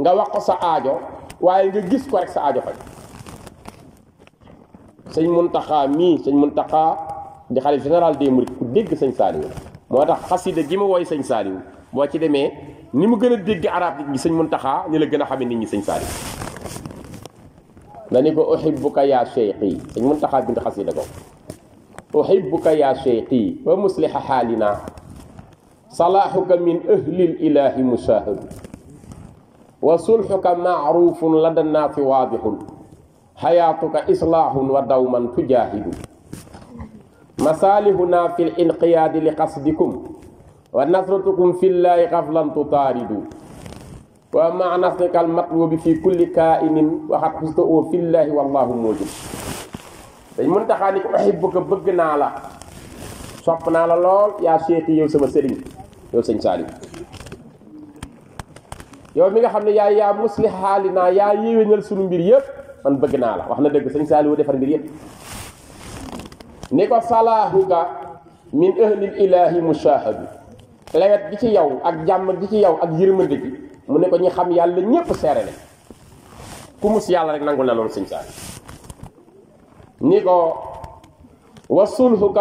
nga wax ko sa aajo waaye nga gis ko rek sa aajo faj sëñ Muntaxa mii sëñ Muntaxa di xalif général des mourides ku dégg sëñ Saaliw moo tax xasida gi ma woy sëñ Saaliw boo ci demee ni mu gën a dégg arab nit ñi sëñ Muntaxa ni la gën a nit ñi sëñ Saaliw dani ko uhibbuka ya cheikhi sëñ Muntaxa bind xasida ko uhibbuka ya cheikhi wa musliha xaalina salaaxuka min ahlil ilahi mushahadu wa sulxuka maarufun lada nnaasi waadixun xayaatuka islaaxun wa dawman tujaahidu مصالحنا في الانقياد لقصدكم ونصرتكم في الله قبل ان تطاردوا وما نصرك المطلوب في كل كائن وحق في الله والله موجود داي منتخا نيك احبك بغنا لا صوبنا لا لول يا شيخي يو سما سيرين يو سيرين سالي يو ميغا خامني يا يا مصلحا لنا يا ييوينال سونو مبير ييب من بغنا لا واخنا دغ سيرين سالي و ديفار مبير ييب Nego ko salaahuka min ahlil ilahi mushahadu lewet bi ci yaw ak jam bi ci yaw ak yërmande bi mu ne ko ñi xam yalla ñepp seere ku mus yalla rek nangul na lon sëñ saa ni ko ma'rufun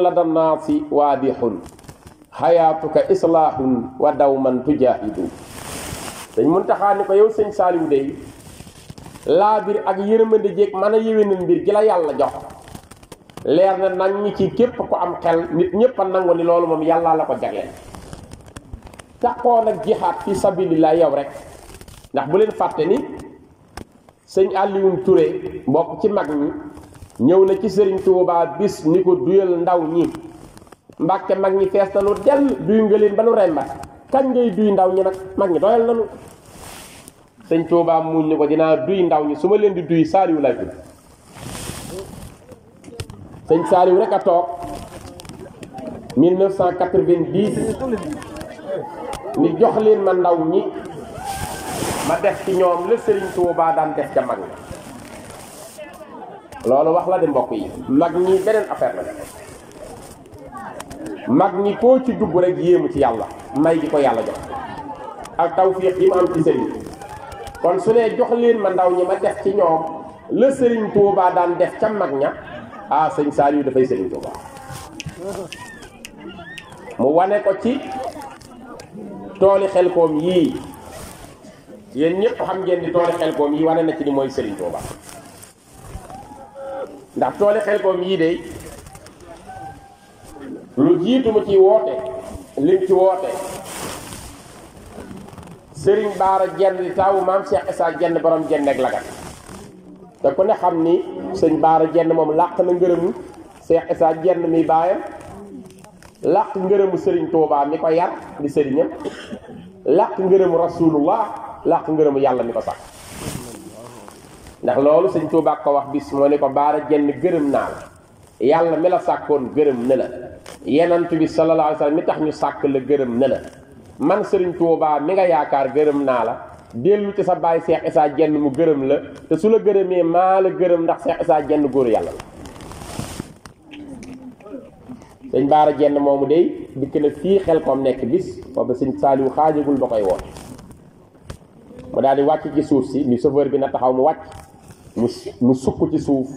ladan maarufun lada hayatuka islahun wa dawman tujahidu dañ mun taxaa ni yow señ salim de labir ak yërmande jek mana bir gila yalla jox leer na nañ ci képp ko am xel nit ñëpp nangu ni loolu moom yàlla la ko jagle taqoo nag jihaat fi sabilillah yow rek ndax bu leen fàtte ni sëñ Alioune Touré bokk ci mag ñi ñëw na ci sëriñ Touba bis ni ko duyal ndaw ñi mbàkke mag ñi fees na lu del duy nga leen ba nu rembat kañ ngay duy ndaw ñi nag mag ñi doyal nanu sëñ Touba muñ ni ko dinaa duy ndaw ñi su ma di duy lay sëñ Saliou rek a toog 1990 ni jox leen ma ndaw ñi ma def ci ñoom la Serigne Touba daan def ca mag la loolu wax la di mbokk yi mag ñi beneen affaire la mag ñi koo ci dugg rek yéemu ci yàlla may gi ko yàlla jox ak tawfiix yi mu am ci sëriñ kon su ne jox leen ma ndaw ñi ma def ci ñoom la Serigne Touba daan def ca mag ña ah sëñ Saliou dafay sëriñ Touba mu wane ko ci tooli xelkoom yii yéen ñëpp xam ngeen ni tooli xelkoom yii wane na ci ni mooy sëriñ Touba ndax tooli xelkoom yii de lu jiitu mu ci woote lim ci woote sëriñ Baara jenn taawu maam Cheikh Issa jenn borom jenn ak lagat te ku ne xam ni sëñ Baara jenn moom làq na ngërëmu Cheikh Issa jenn mi baayam làq ngërëmu sëriñ Touba mi ko yar di sëriñam làq ngërëmu rasulullah làq ngërëmu yàlla mi ko sax ndax loolu sëñ Touba ko wax bis moo ni ko Baara jenn gërëm naa la yàlla mi la sàkkoon gërëm ne la bi sallallahu alayhi mi tax ñu sàkk la gërëm ne man sëriñ Touba mi nga yaakaar gërëm naa la dellu ci sa baay Cheikh saa Dieng mu gërëm la te su la gërëmee maa la gërëm ndax Cheikh Issa Dieng góoru yàlla la sëñ Baara Dieng moomu day dikk na fii xel koom nekk bis booba sëñ Saliou xaajagul ba koy woon mu daal wàcc ci suuf si ni chauffeur bi na taxaw mu wàcc mu sukk ci suuf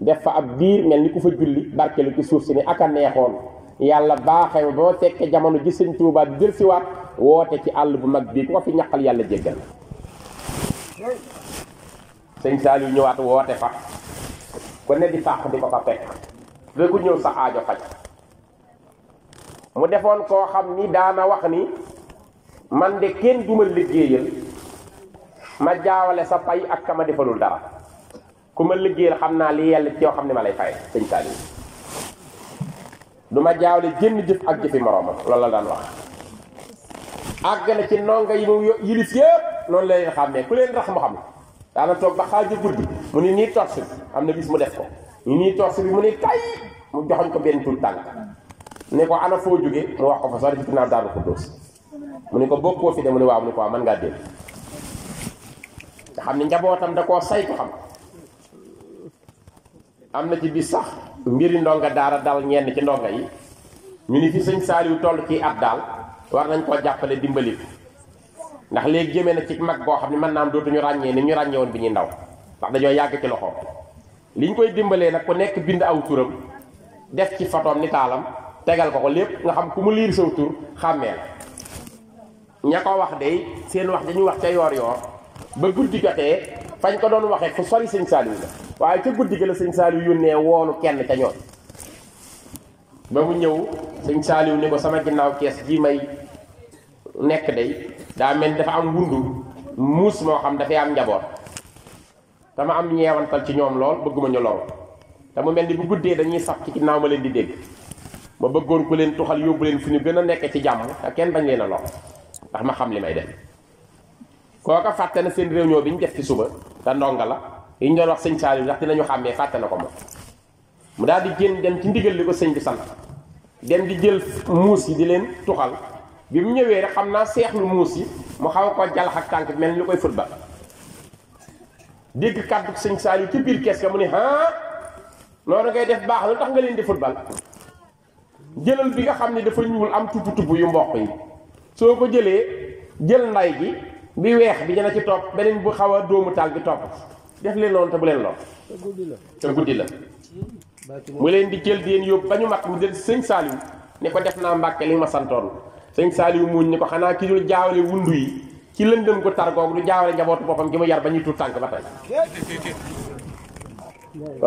def fa ab biir mel ni ku fa julli barkelu ci suuf si ni aka neexoon yàlla baaxee ba ma fekkee jamono gis sëñ Touba di jël siwaat wote ci all bu mag bi ko fi ñaqal yalla jéggal señ salu ñëwaat wote fa ko ne di fàq di ko fa pek te ko ñëw sa aajo faj mu defoon koo xam ni daana wax ni man de kenn duma liggéeyal ma jaawale sa pay ak kama defalul dara ku ma liggéeyal xam naa li yàlla ci yow xam ne ma lay fay señ salu duma jaawale jenn jëf ak jëfi moroma loolu la daan wax àgg na ci ndongo yi mu yilif yëpp noonu la leen xàmmee ku leen rax mu xam daana toog ba xaaju guddi mu ni nii tors bi am na bis mu def bi mu tay mu joxoñ ko benn tul tànk ne ko ana foo jóge mu wax ko fa sax ci ginnaaw daaru ko mu ne ko bokkoo fi de mu ni waaw mu ni ko waaw mën ngaa dégg nga xam ne njabootam da koo saytu xam am na ci bis sax mbiri ndonga daara dal ñenn ci ndonga yi ñu ni fi sëñ Saaliw toll ci at daal war nañ koo jàppale dimbali ndax léegi jëmee na ci mag boo xam ne mën naa am dootuñu ràññee ni ñu ràññee woon bi ñuy ndaw ndax dañoo yàgg ci loxoom ñu koy dimbalee nag ku nekk bind aw turam def ci fotoom ni taalam tegal ko ko lépp nga xam ku mu liir saw tur xàmmee la ña ko wax de seen wax dañuy wax ca yoor yoor ba guddi jotee fañ ko doon waxee fu sori sëñ Saliou la waaye ca guddi ga la sëñ Saliou yónnee woonu kenn ca ñoom ba mu ñëw sëñ saaliw ni ko sama ginnaaw kees gi may nekk day daa mel dafa am wundu muus moo xam dafay am njaboot dama am ñeewantal ci ñoom lool bëgguma ñu lool te mu mel ni bu guddee dañuy sax ci ginnaaw ma leen di dégg ma bëggoon ku leen tuxal yóbbu leen fu ñu gën a nekk ci jàmm te kenn bañ leen a lool ndax ma xam li may def kooka fàtte na seen réunion bi ñu def ci suba te ndonga la yi ñu doon wax sëñ saaliw ndax dinañu xàmmee fàtte na ko moom mu daal di génn dem ci ndigal li ko sëñ bi sant dem di jël muus yi di leen tuxal bi mu ñëwee rek xam naa lu muus yi mu xaw ko jalax ak tànk mel ni koy football dégg kàddu sëñ Saliou ci biir kees ga mu ne ah noonu ngay def baax lu tax nga leen di football jëlal bi nga xam ne dafa ñuul am tupp tupp yu mboq yi soo ko jëlee jël nday gi bi weex bi dina ci topp beneen bu xaw a dóomu taal bi topp def leen loolu te bu leen lool te guddi la mu len di jël di yob bañu mak ñu mag mu jël sëñ Saaliw ne ko def na mbacke li ma santone seigne saliw muuñ ne ko xana ki dul jaawale wundu yi ci lëndëm ko tar gog lu jaawale jabot bopam gi mu yar bañu tut tank batay ba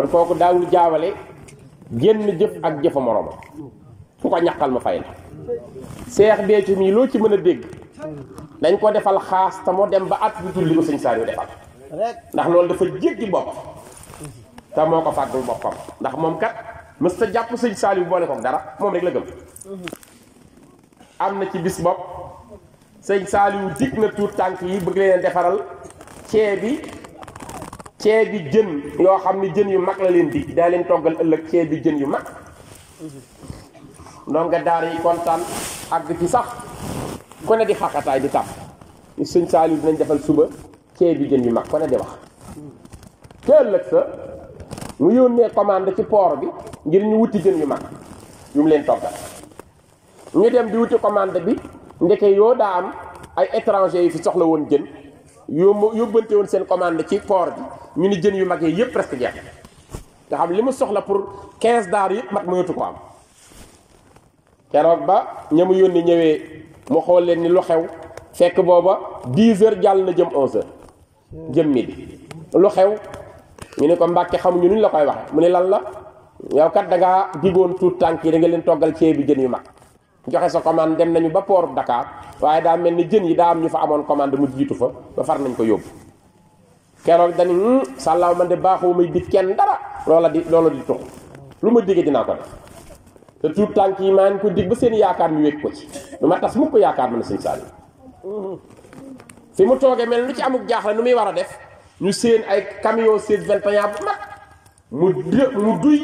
tey kon daawul jaawale genn jëf ak jëfa morom fu ko ñakkal ma fayal cheikh seex mi lo ci mëna deg dañ ko defal xaas ta mo dem ba at bu dul ko seigne saliw defal rek ndax loolu dafa jéggi bop te moo ko fàggul boppam ndax moom kat mës ta jàpp sëñ Saaliw boole ko dara moom rek la gëm am na ci bis bopp sëñ Saaliw dig na tuut tànk yi bëgg leen defaral ceeb bi ceeb bi jën yoo xam ne jën yu mag la leen di daa leen toggal ëllëg ceeb bi jën yu mag donc nga daara yi kontaan àgg ci sax ku ne di xaqataay di tàpp sëñ Saaliw dinañ defal suba ceeb bi jën yu mag ku ne di wax te ëllëg sa mu yónnee commande ci port bi ngir ñu wuti jën yu mag yu mu leen toggal ñu dem di wuti commande bi ndeke yoo daa am ay étranger yi fi soxla woon jën yóbbu yóbbante woon seen commande ci port bi ñu ni jën yu mag yi yëpp presque jeex nga xam li mu soxla pour 15 daar yëpp mat mënatu ko am keroog ba ña mu yónni ñëwee mu xool leen ni lu xew fekk booba 10 heures jàll na jëm 11 heures jëm midi lu xew. ñu ne ko mbàkke xamuñu nuñ la koy waxe mu ne lan la yow kat da ngaa digoon tuut tànk yi da nga leen toggal ceebi jën yu mag joxe sa commande dem nañu ba port Dakar waaye daa mel ni jën yi daa am ñu fa amoon commande mu jiitu fa ba far nañ ko yóbbu keroog dañu hmm, sàllaaw man de baaxoo may dig kenn dara loola di loola di tux lu ma digee dinaa ko def te tuut tànk yi maa ngi ko dig ba seen yaakaar ñu wékk ko ci du ma tas mukk ko yaakaar ma ne sëñ Saliou fi mu toogee mel lu ci amuk jaaxle nu muy war a def ñu seen ay camion seen 21 bu mag mu duy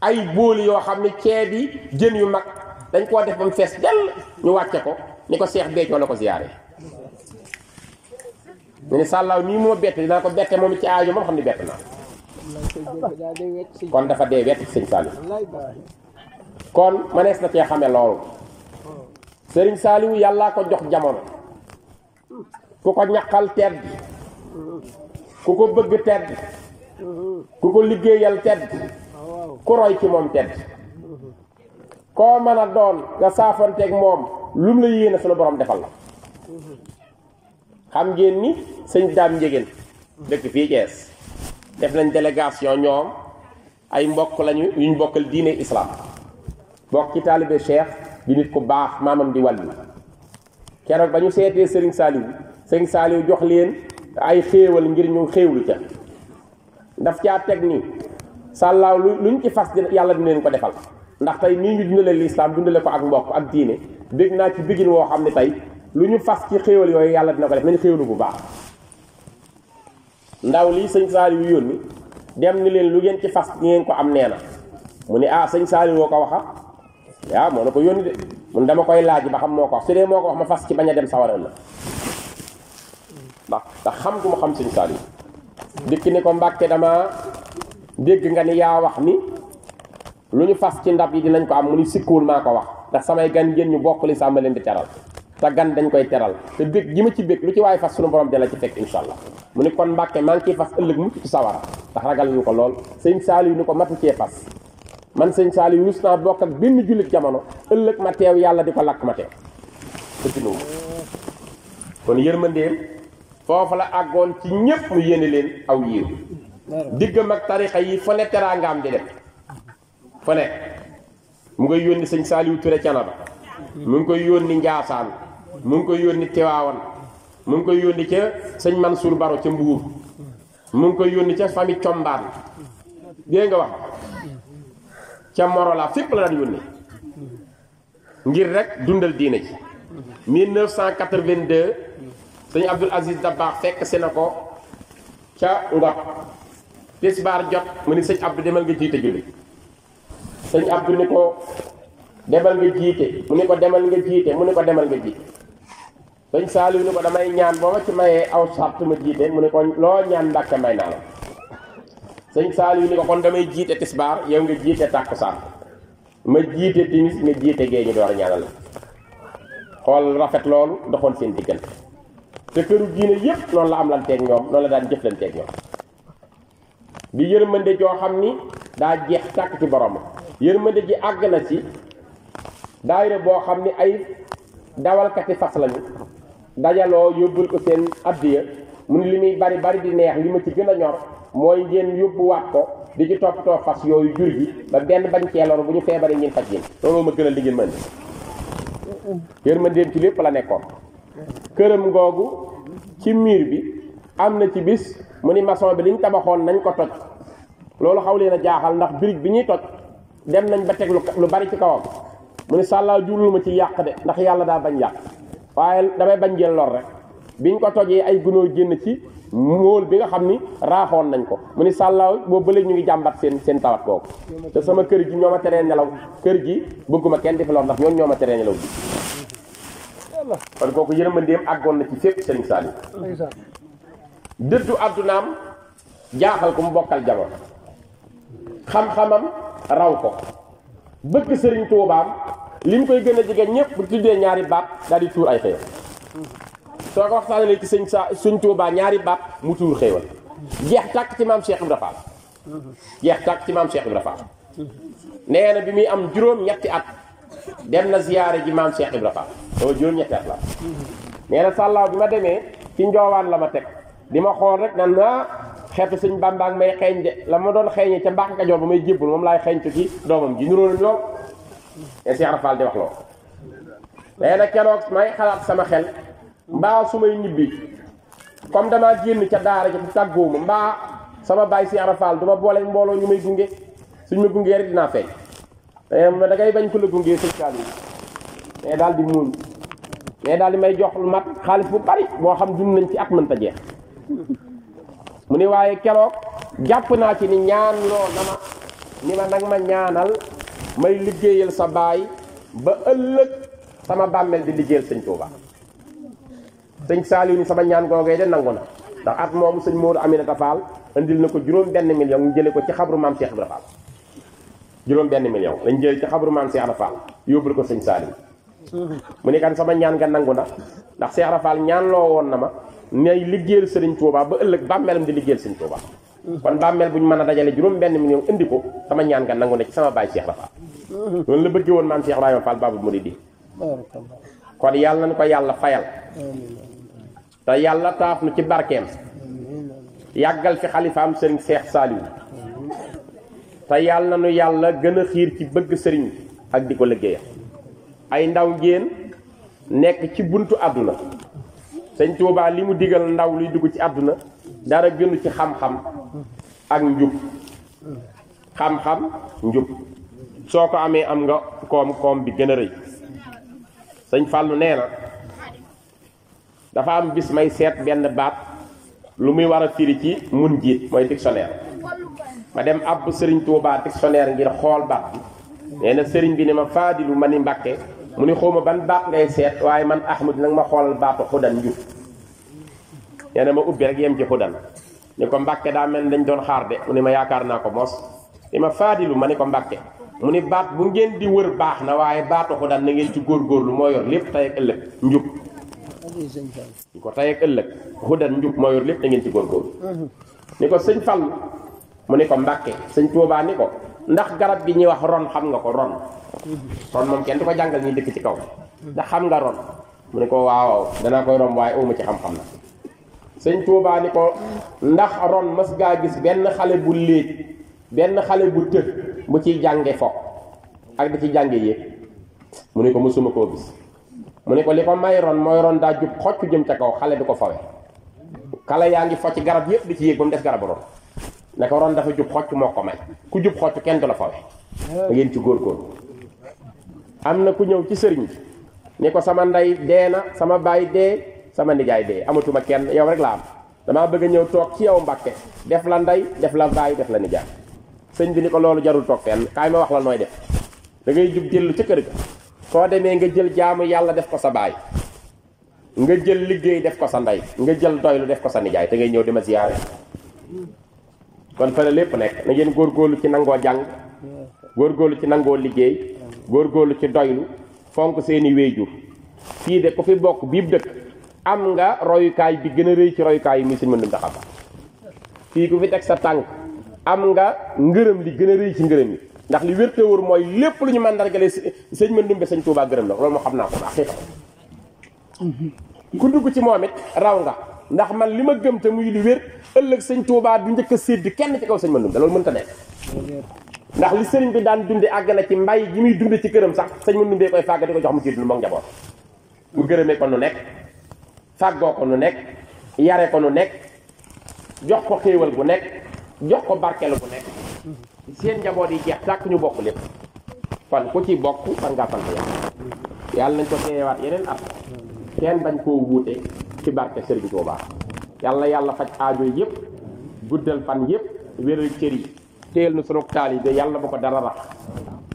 ay booli yoo xam ne ceeb yi jën yu mag dañ koo def ba mu fees dell ñu wàcce ko ni ko seex beecoo la ko ziyaare ñu ne sàllaaw nii moo ko bette moom ci aajo moom xam ne bett na dafa dee wett sëñ Saliou kon manees na cee xame loolu sëriñ Saliou yàllaa ko jox jamono ku ko ñaqal tedd ku ko bëgg tedd ku ko liggéeyal tedd ku roy ci moom tedd koo mën a doon nga saafanteeg moom lu mu la yéene sunu borom defal la xam ngeen ni sëñ daam njëgéen dëkk fii Cees def nañ délégation ñoom ay mbokk lañu yuñ bokkal diine islam bokk ci taalibe cheikh di nit ku baax maamam di wàllu keroog ba ñu seetee sëriñ Saliou sëriñ Saliou jox leen ay xéewal ngir ñu xéewlu ca daf caa teg ni sàllaaw lu luñ ci fas yàlla dina leen ko defal ndax tey nii ñu dundale lislaam dundale ko ak mbokk ak diine dégg naa ci bigin woo xam ne tey lu ñu fas ci xéewal yooyu yàlla dina ko def nañ xéewlu bu baax ndaw lii sëñ Saaliw yu yónni dem ni leen lu ngeen ci fas ngeen ko am nee na mu ne ah sëñ Saaliw woo ko waxa waaw moo na ko yónni de mun dama koy laaj ba xam moo ko wax su dee moo ko wax ma fas ci bañ a dem sawara la ndax ndax xam gu ma xam seigne Saliou dikki ne ko mbacke dama deg nga ni ya wax ni luñu fas ci ndab yi dinañ ko am muni sikul mako wax ndax samay gan ngeen ñu bokk li sama leen di teral ta gan dañ koy teral te deg gi ma ci bég lu ci way fas suñu borom dina ci fekk inshallah muni kon mbacke ngi fas ëlëk mu ci sawara ndax ragal ñu ko lool seigne Saliou ñu ko mat ci fas man seigne Saliou ñu naa bokk ak benn julit jamono ëlëk ma teew yalla diko lak ma teew kon foofu la àggoon ci ñépp mu yéene leen aw yiw diggam ak tarixa yi fa ne teraangaam di dem fa mu ngay yónni sëñ Saaliwu Ture Canaba mu ngi koy yónni Njaasaan mu ngi koy yónni Tiwaawan mu ngi koy yónni ca sëñ man Baro ca Mbuur mu ngi koy yónni ca famille Combaan dégg nga wax ca Morola fépp la daan yónni ngir rek dundal diine ji 1982 sëñ Abdul Aziz Dabakh fekk si na ko ca bar tisbaar jot mu ni Abdou demal nga jité julli sëñ Abdou ni ko demal nga jité mu ko demal nga jité mu ko demal nga jité sëñ salim ni ko damay ñaan bo ma ci maye aw sart ma jité mu ko lo ñaan ndak may na la sëñ salim ni ko kon damay jiite tisbaar yow nga tak sa ma jité timis nga jité geñu door ñaanal xol rafet loolu doxon seen diggante te këru diine yépp noonu la am lanteeg ñoom noonu la daan jëf jëflanteeg ñoom di yërmande joo xam ni daa jeex tàkk ci borom yërmande ji àgg na ci daayira boo xam ni ay dawalkati fas lañu dajaloo yóbbul ko seen addiya mu ni li muy bari bari di neex li ma ci gën a ñor mooy ngeen yóbbuwaat ko di ci toppatoo fas yooyu jur gi ba benn bañ ceeloon bu ñu feebaree ngeen faj yéen looloo ma gën a li ngeen mën yërmandeem ci lépp la nekkoon kërëm googu ci miir bi am na ci bis mu ni maçon bi liñ tabaxoon nañ ko toj loolu xaw leen a jaaxal ndax birig bi ñuy toj dem nañ ba teg lu bari ci kawam mu ni sàllaa jurul ma ci yàq de ndax yàlla daa bañ yàq waaye damay bañ jël lor rek biñ ko tojee ay gunóor génn ci mool bi nga xam ni raaxoon nañ ko mu ni sàllaaw boobu ba ñu ngi jàmbat seen seen tawat kooku te sama kër gi ñoo ma teree nelaw kër gi bëgguma kenn di fi lor ndax ñoo ma teree nelaw kon kooku yërmandeem àggoon na ci fépp sëriñ Saliou dëddu àddunaam jaaxal ko mu bokkal jamono xam-xamam raw ko bëgg sëriñ tuubaam li mu koy gën a jege ñëpp bu tuddee ñaari baat daal di tuur ay xéewal soo ko waxtaanalee ci sëñ sa sëñ tuubaa ñaari baat mu tuur xéewal jeex tàkk ci maam Cheikh Ibra jeex tàkk ci maam Cheikh Ibra Fall nee bi muy am juróom ñetti at dem na ziyaare ji maam Cheikh Ibra Fall dama juróom-ñetti at la nee na sàllaaw bi ma demee ci njoowaan la ma teg di ma xool rek nan na xeetu suñ bàmbaag may xeeñ de la ma doon xeeñee ca mbaax ba may jébbal moom laay xeeñtu ci doomam ji niróo nañ lool te Cheikh Ibra Fall di wax lool nee na may xalaat sama xel mbaa su may ñibbi comme damaa génn ca daara ji tàggoo ma mbaa sama baay si Ibra Fall du ma booleeg mbooloo ñu may gunge suñ ma gungee rek dinaa feeñ te eh, ma dangay bañ ku la gunge sëñ Saliou mais eh, daal di muuñ mais eh, daal di may jox mat xaalis bu bari boo xam dund nañ ci at mënta jeex mu ni waaye keroog jàpp naa ci ni ñaan loo na ma ni ma nag ma ñaanal may liggéeyal sa baay ba ëllëg sama bàmmeel di liggéeyal sëñ Touba sëñ Saliou ni sama ñaan googee de nangu na ndax at moom sëñ Modou Aminata Fall indil na ko juróom benn million mu jële ko ci xabru maam Cheikh Ibrahima juróom benn million lañ jël ci xabru si Cheikh Ibra Fall yóbbul ko sëñ Salim mu ne kan sama ñaan nga nangu na ndax Cheikh Ibra Fall ñaan loo woon na ma ne liggéeyal sëriñ Touba ba ëllëg bàmmeelam di liggéeyal sëriñ Touba kon bàmmeel bu ñu a dajale juróom benn million indi ko sama ñaan kan nangguna? ci sama baay Cheikh Ibra Fall loolu la bëgg woon maam Cheikh Ibrahima Fall Babou Mouridi kon yàlla nañ ko yàlla fayal te yàlla taaf nu ci barkem yagal fi am sëriñ Cheikh salim te yàlla na nu yàlla gën a xiir ci bëgg sëriñ bi ak di ko liggéeyal ay ndaw ngeen nekk ci buntu àdduna sëñ Tuubaa li mu digal ndaw luy dugg ci àdduna dara gënu ci xam-xam ak njub xam-xam njub soo ko amee am nga koom-koom bi gën a rëy sëñ nee na dafa am bis may seet benn baat lu muy war a firi ci mun jiit mooy dictionnaire ma dem abbu serigne Touba dictionnaire ngir xol bak neena serigne bi ne ma fadilu mani ni muni xoma ban bak ngay set waye man ahmad neng ma xol bak xudan ju neena ma ubbe rek yem ci xudan ne ko mbàkke da mel dañ don xaar de muni ma yakar na ko mos ni ma faadilu ko mbàkke muni bak bu ngeen di wër bax na waye baatu xudan na ngeen ci lu mo yor lepp tay ak njub ko tay ak xudan njub mo yor lepp ngeen ci gor mhm. ko seigne Fall mu ni ko mbàkke sëñ tuubaa ni ko ndax garab bi ñi wax ron xam nga ko ron ron mom kenn du ko jàngal dëkk ci kaw da xam nga ron mu ko waaw danaa koy rom waaye uma ci xam-xam na sëñ ni ko ndax ron mas gagis gis benn xale bu leet benn xale bu të bu ci jànge fo ak da ci jànge yéeg mu ko musuma koo gis mu ko li ko may ron mooy ron daa jub xocc jëm ca kaw xale du ko fawe kala yaa ngi fo ci garab yëpp di ci yéeg bu mu des ron naka waroon dafa jub xocc moo ko may ku jub xocc kenn du la fawe ah. da ngeen ci góorgóorlu am na ku ñëw ci sëriñ bi ni ko sama ndey dee na sama baay dee sama nijaay dee amatuma kenn yow rek laa am damaa bëgg a ñëw toog ci yow mbàkke def la ndey def la baay def la nijaay sëñ bi ni ko loolu jarul toog fenn kaay ma wax la nooy def da ngay jub dellu ci kër ga soo demee nga jël jaamu yàlla def ko sa baay nga jël liggéey def ko sa ndey nga jël doylu def ko sa nijaay te ngay ñëw di ma kon fa la lépp nekk na góor góorlu ci nangoo jàng góorgóorlu ci nangoo liggéey góor góorgóorlu ci doylu fonk seeni wéyjur fii de ku fi bokk biib dëkk am nga royukaay bi gën a rëy ci royukaay yi muy sëñ Mandum Ndaxa Ba fii ku fi sa tànk am nga ngërëm li gën a rëy ci ngërëm yi ndax li wér te mooy lépp lu ñu màndargale sëñ Mandum bi sëñ Tuubaa gërëm la loolu moo xam naa ko baax mm-hmm. ku dugg ci moom it raw nga ndax man li ma gëm te muy li wér ëllëg sëñ Touba du njëkk a séddi kenn ci kaw sëñ Mandoumbe loolu mënta nekk ndax li sëriñ bi daan dunde àgg na ci mbay gi muy dunde ci këram sax sëñ Mandoumbe koy fàgg di ko jox mu ci dund moom njaboot mu gërëmee ko nu nekk fàggoo ko nu nekk yare ko nu nekk jox ko xéewal bu nekk jox ko barkeelu bu nekk seen njaboot yi jeex tàkk ñu bokk lépp kon ku ci bokk fan ngaa fan yàlla nañ ko teewaat yeneen at kenn bañ wuute ci barke sëri bi yal na yàlla faj aajo yëpp guddal fan yëpp wéral cër yi téel nu sunu taali de yàlla ba ko dara rax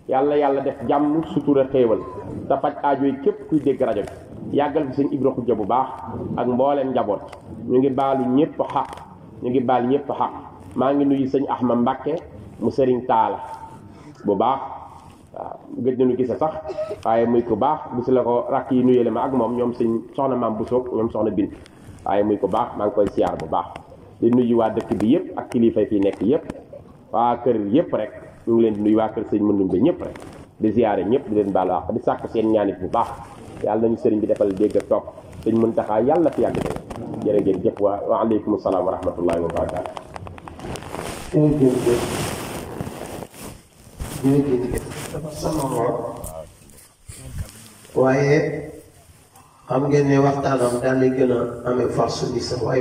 yàlla yàlla def jàmm sutura xéewal te faj aajo yi képp kuy dégg rajo bi yàggal fi seen Ibra Khoudia baax ak mbooleem njaboot ñu ngi baalu ñépp xaq ñu ngi baal ñépp xaq maa ngi nuyu sëñ Ahmad Mbacke mu sëriñ taala bu baax waaw gëj nañu gise sax waaye muy ku baax gis la ko rakk yi nuyele ma ak moom ñoom sëñ soxna maam bu soog ñoom soxna bint waaye muy ku baax maa ngi koy siyaar bu baax di nuyu waa dëkk bi yëpp ak kilifa fi nekk yëpp waa kër yëpp rek ñu ngi leen di nuyu waa kër sëñ mëndumbe ñëpp rek di siyaare ñëpp di leen baalu àq di sàkk seen ñaanit bu baax yàlla nañu sëriñ bi defal dégg ak topp sëñ mën taxaa yàlla fi yàgg te jërë ngeen jëf waa waaleykum salaam wa rahmatullahi wa ñu ngi waaye xam ngeen ne waxtaanam daal di gën a amee force bi sax waaye